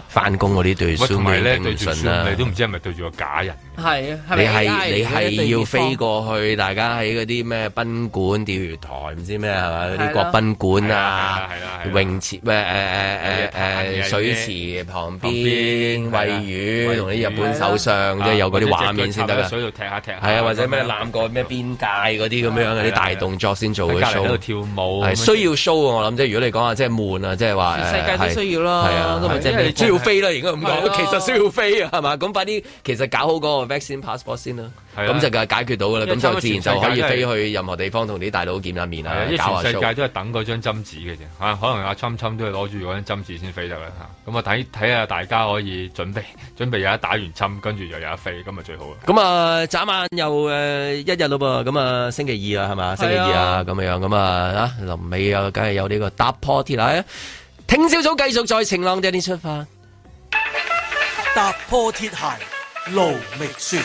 翻工啲呢你不對 zoom 都唔信，都唔知係咪對住個假人。係啊！你係你係要飛過去，大家喺嗰啲咩賓館釣魚台唔知咩係嘛？嗰啲國賓館啊，泳池咩誒誒誒誒水池旁邊餵魚，同啲日本首相即係有嗰啲畫面先得啦。喺水度踢下踢下係啊，或者咩攬過咩邊界嗰啲咁樣嗰啲大動作先做嘅 show 跳舞需要 show 啊。我諗即係如果你講下，即係悶啊，即係話世界都需要咯，都唔係即係需要飛啦，如果咁講，其實需要飛啊，係嘛？咁快啲其實搞好個。passport 先啦，咁、啊、就解決到噶啦，咁、就是、就自然就可以飛去任何地方同啲大佬見下面啦、啊。啊、一全世界都係等嗰張針紙嘅啫，嚇、啊，可能阿針針都係攞住嗰張針紙先飛得啦嚇。咁啊睇睇、啊啊、下大家可以準備準備，有一打完針，跟住就有一飛，咁啊最好啊。咁啊，眨、呃、眼又誒、呃、一日咯噃，咁啊星期二啊，係嘛？星期二啊，咁、啊、樣咁啊，啊，臨尾啊，梗係有呢個踏破鐵鞋、啊，聽朝早繼續再晴朗的一天出發，踏破鐵鞋。勞覓說：密書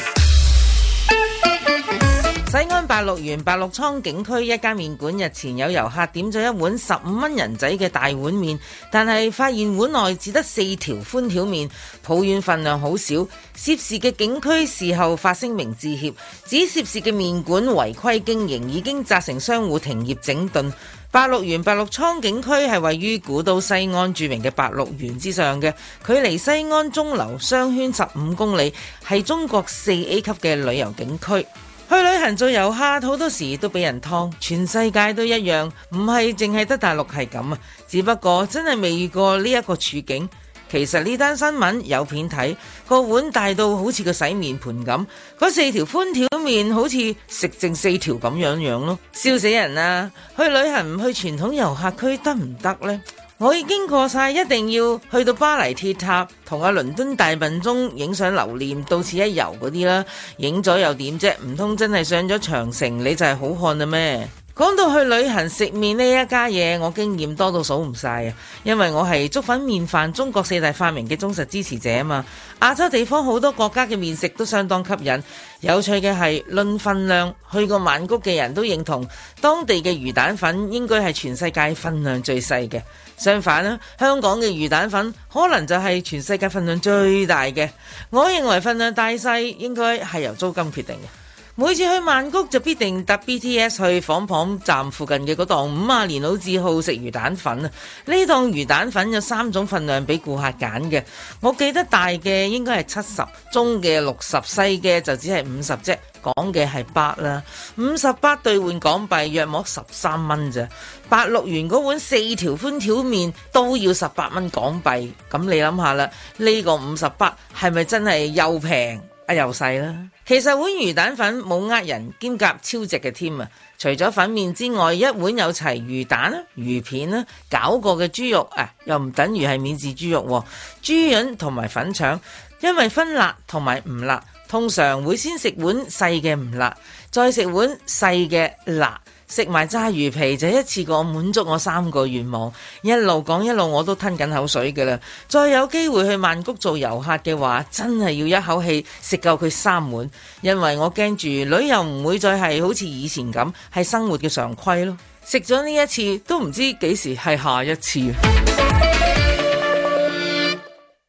西安白鹿原、白鹿倉景區一間麵館日前有遊客點咗一碗十五蚊人仔嘅大碗麵，但係發現碗內只得四條寬條麵，抱怨份量好少。涉事嘅景區事後發聲明致歉，指涉事嘅麵館違規經營，已經責成商戶停業整頓。白鹿原白鹿倉景區係位於古都西安著名嘅白鹿原之上嘅，距離西安鐘樓商圈十五公里，係中國四 A 級嘅旅遊景區。去旅行做遊客，好多時都俾人劏，全世界都一樣，唔係淨係得大陸係咁啊！只不過真係未遇過呢一個處境。其實呢單新聞有片睇，個碗大到好似個洗面盤咁，嗰四條寬條麵好似食剩四條咁樣樣咯，笑死人啊！去旅行唔去傳統遊客區得唔得呢？我已經過晒，一定要去到巴黎鐵塔同阿倫敦大笨鐘影相留念，到此一遊嗰啲啦，影咗又點啫？唔通真係上咗長城你就係好漢呀咩？講到去旅行食麵呢一家嘢，我經驗多到數唔晒啊！因為我係粥粉麵飯中國四大發明嘅忠實支持者啊嘛。亞洲地方好多國家嘅麵食都相當吸引。有趣嘅係，論份量，去過曼谷嘅人都認同，當地嘅魚蛋粉應該係全世界份量最細嘅。相反啦，香港嘅魚蛋粉可能就係全世界份量最大嘅。我認為份量大細應該係由租金決定嘅。每次去曼谷，就必定搭 BTS 去仿房站附近嘅嗰檔五啊年老字號食魚蛋粉啊！呢檔魚蛋粉有三種分量俾顧客揀嘅，我記得大嘅應該係七十，中嘅六十，細嘅就只係五十啫。講嘅係八啦，五十八兌換港幣約莫十三蚊啫。八六元嗰碗四條寬條麵都要十八蚊港幣，咁你諗下啦，呢個、係係係呢個五十八係咪真係又平啊又細啦？其實碗魚蛋粉冇呃人，兼夾超值嘅添啊！除咗粉麵之外，一碗有齊魚蛋、魚片啊，搞過嘅豬肉啊，又唔等於係免治豬肉。豬潤同埋粉腸，因為分辣同埋唔辣，通常會先食碗細嘅唔辣，再食碗細嘅辣。食埋炸魚皮就一次過滿足我三個願望，一路講一路我都吞緊口水嘅啦。再有機會去曼谷做遊客嘅話，真係要一口氣食夠佢三碗，因為我驚住旅遊唔會再係好似以前咁係生活嘅常規咯。食咗呢一次都唔知幾時係下一次。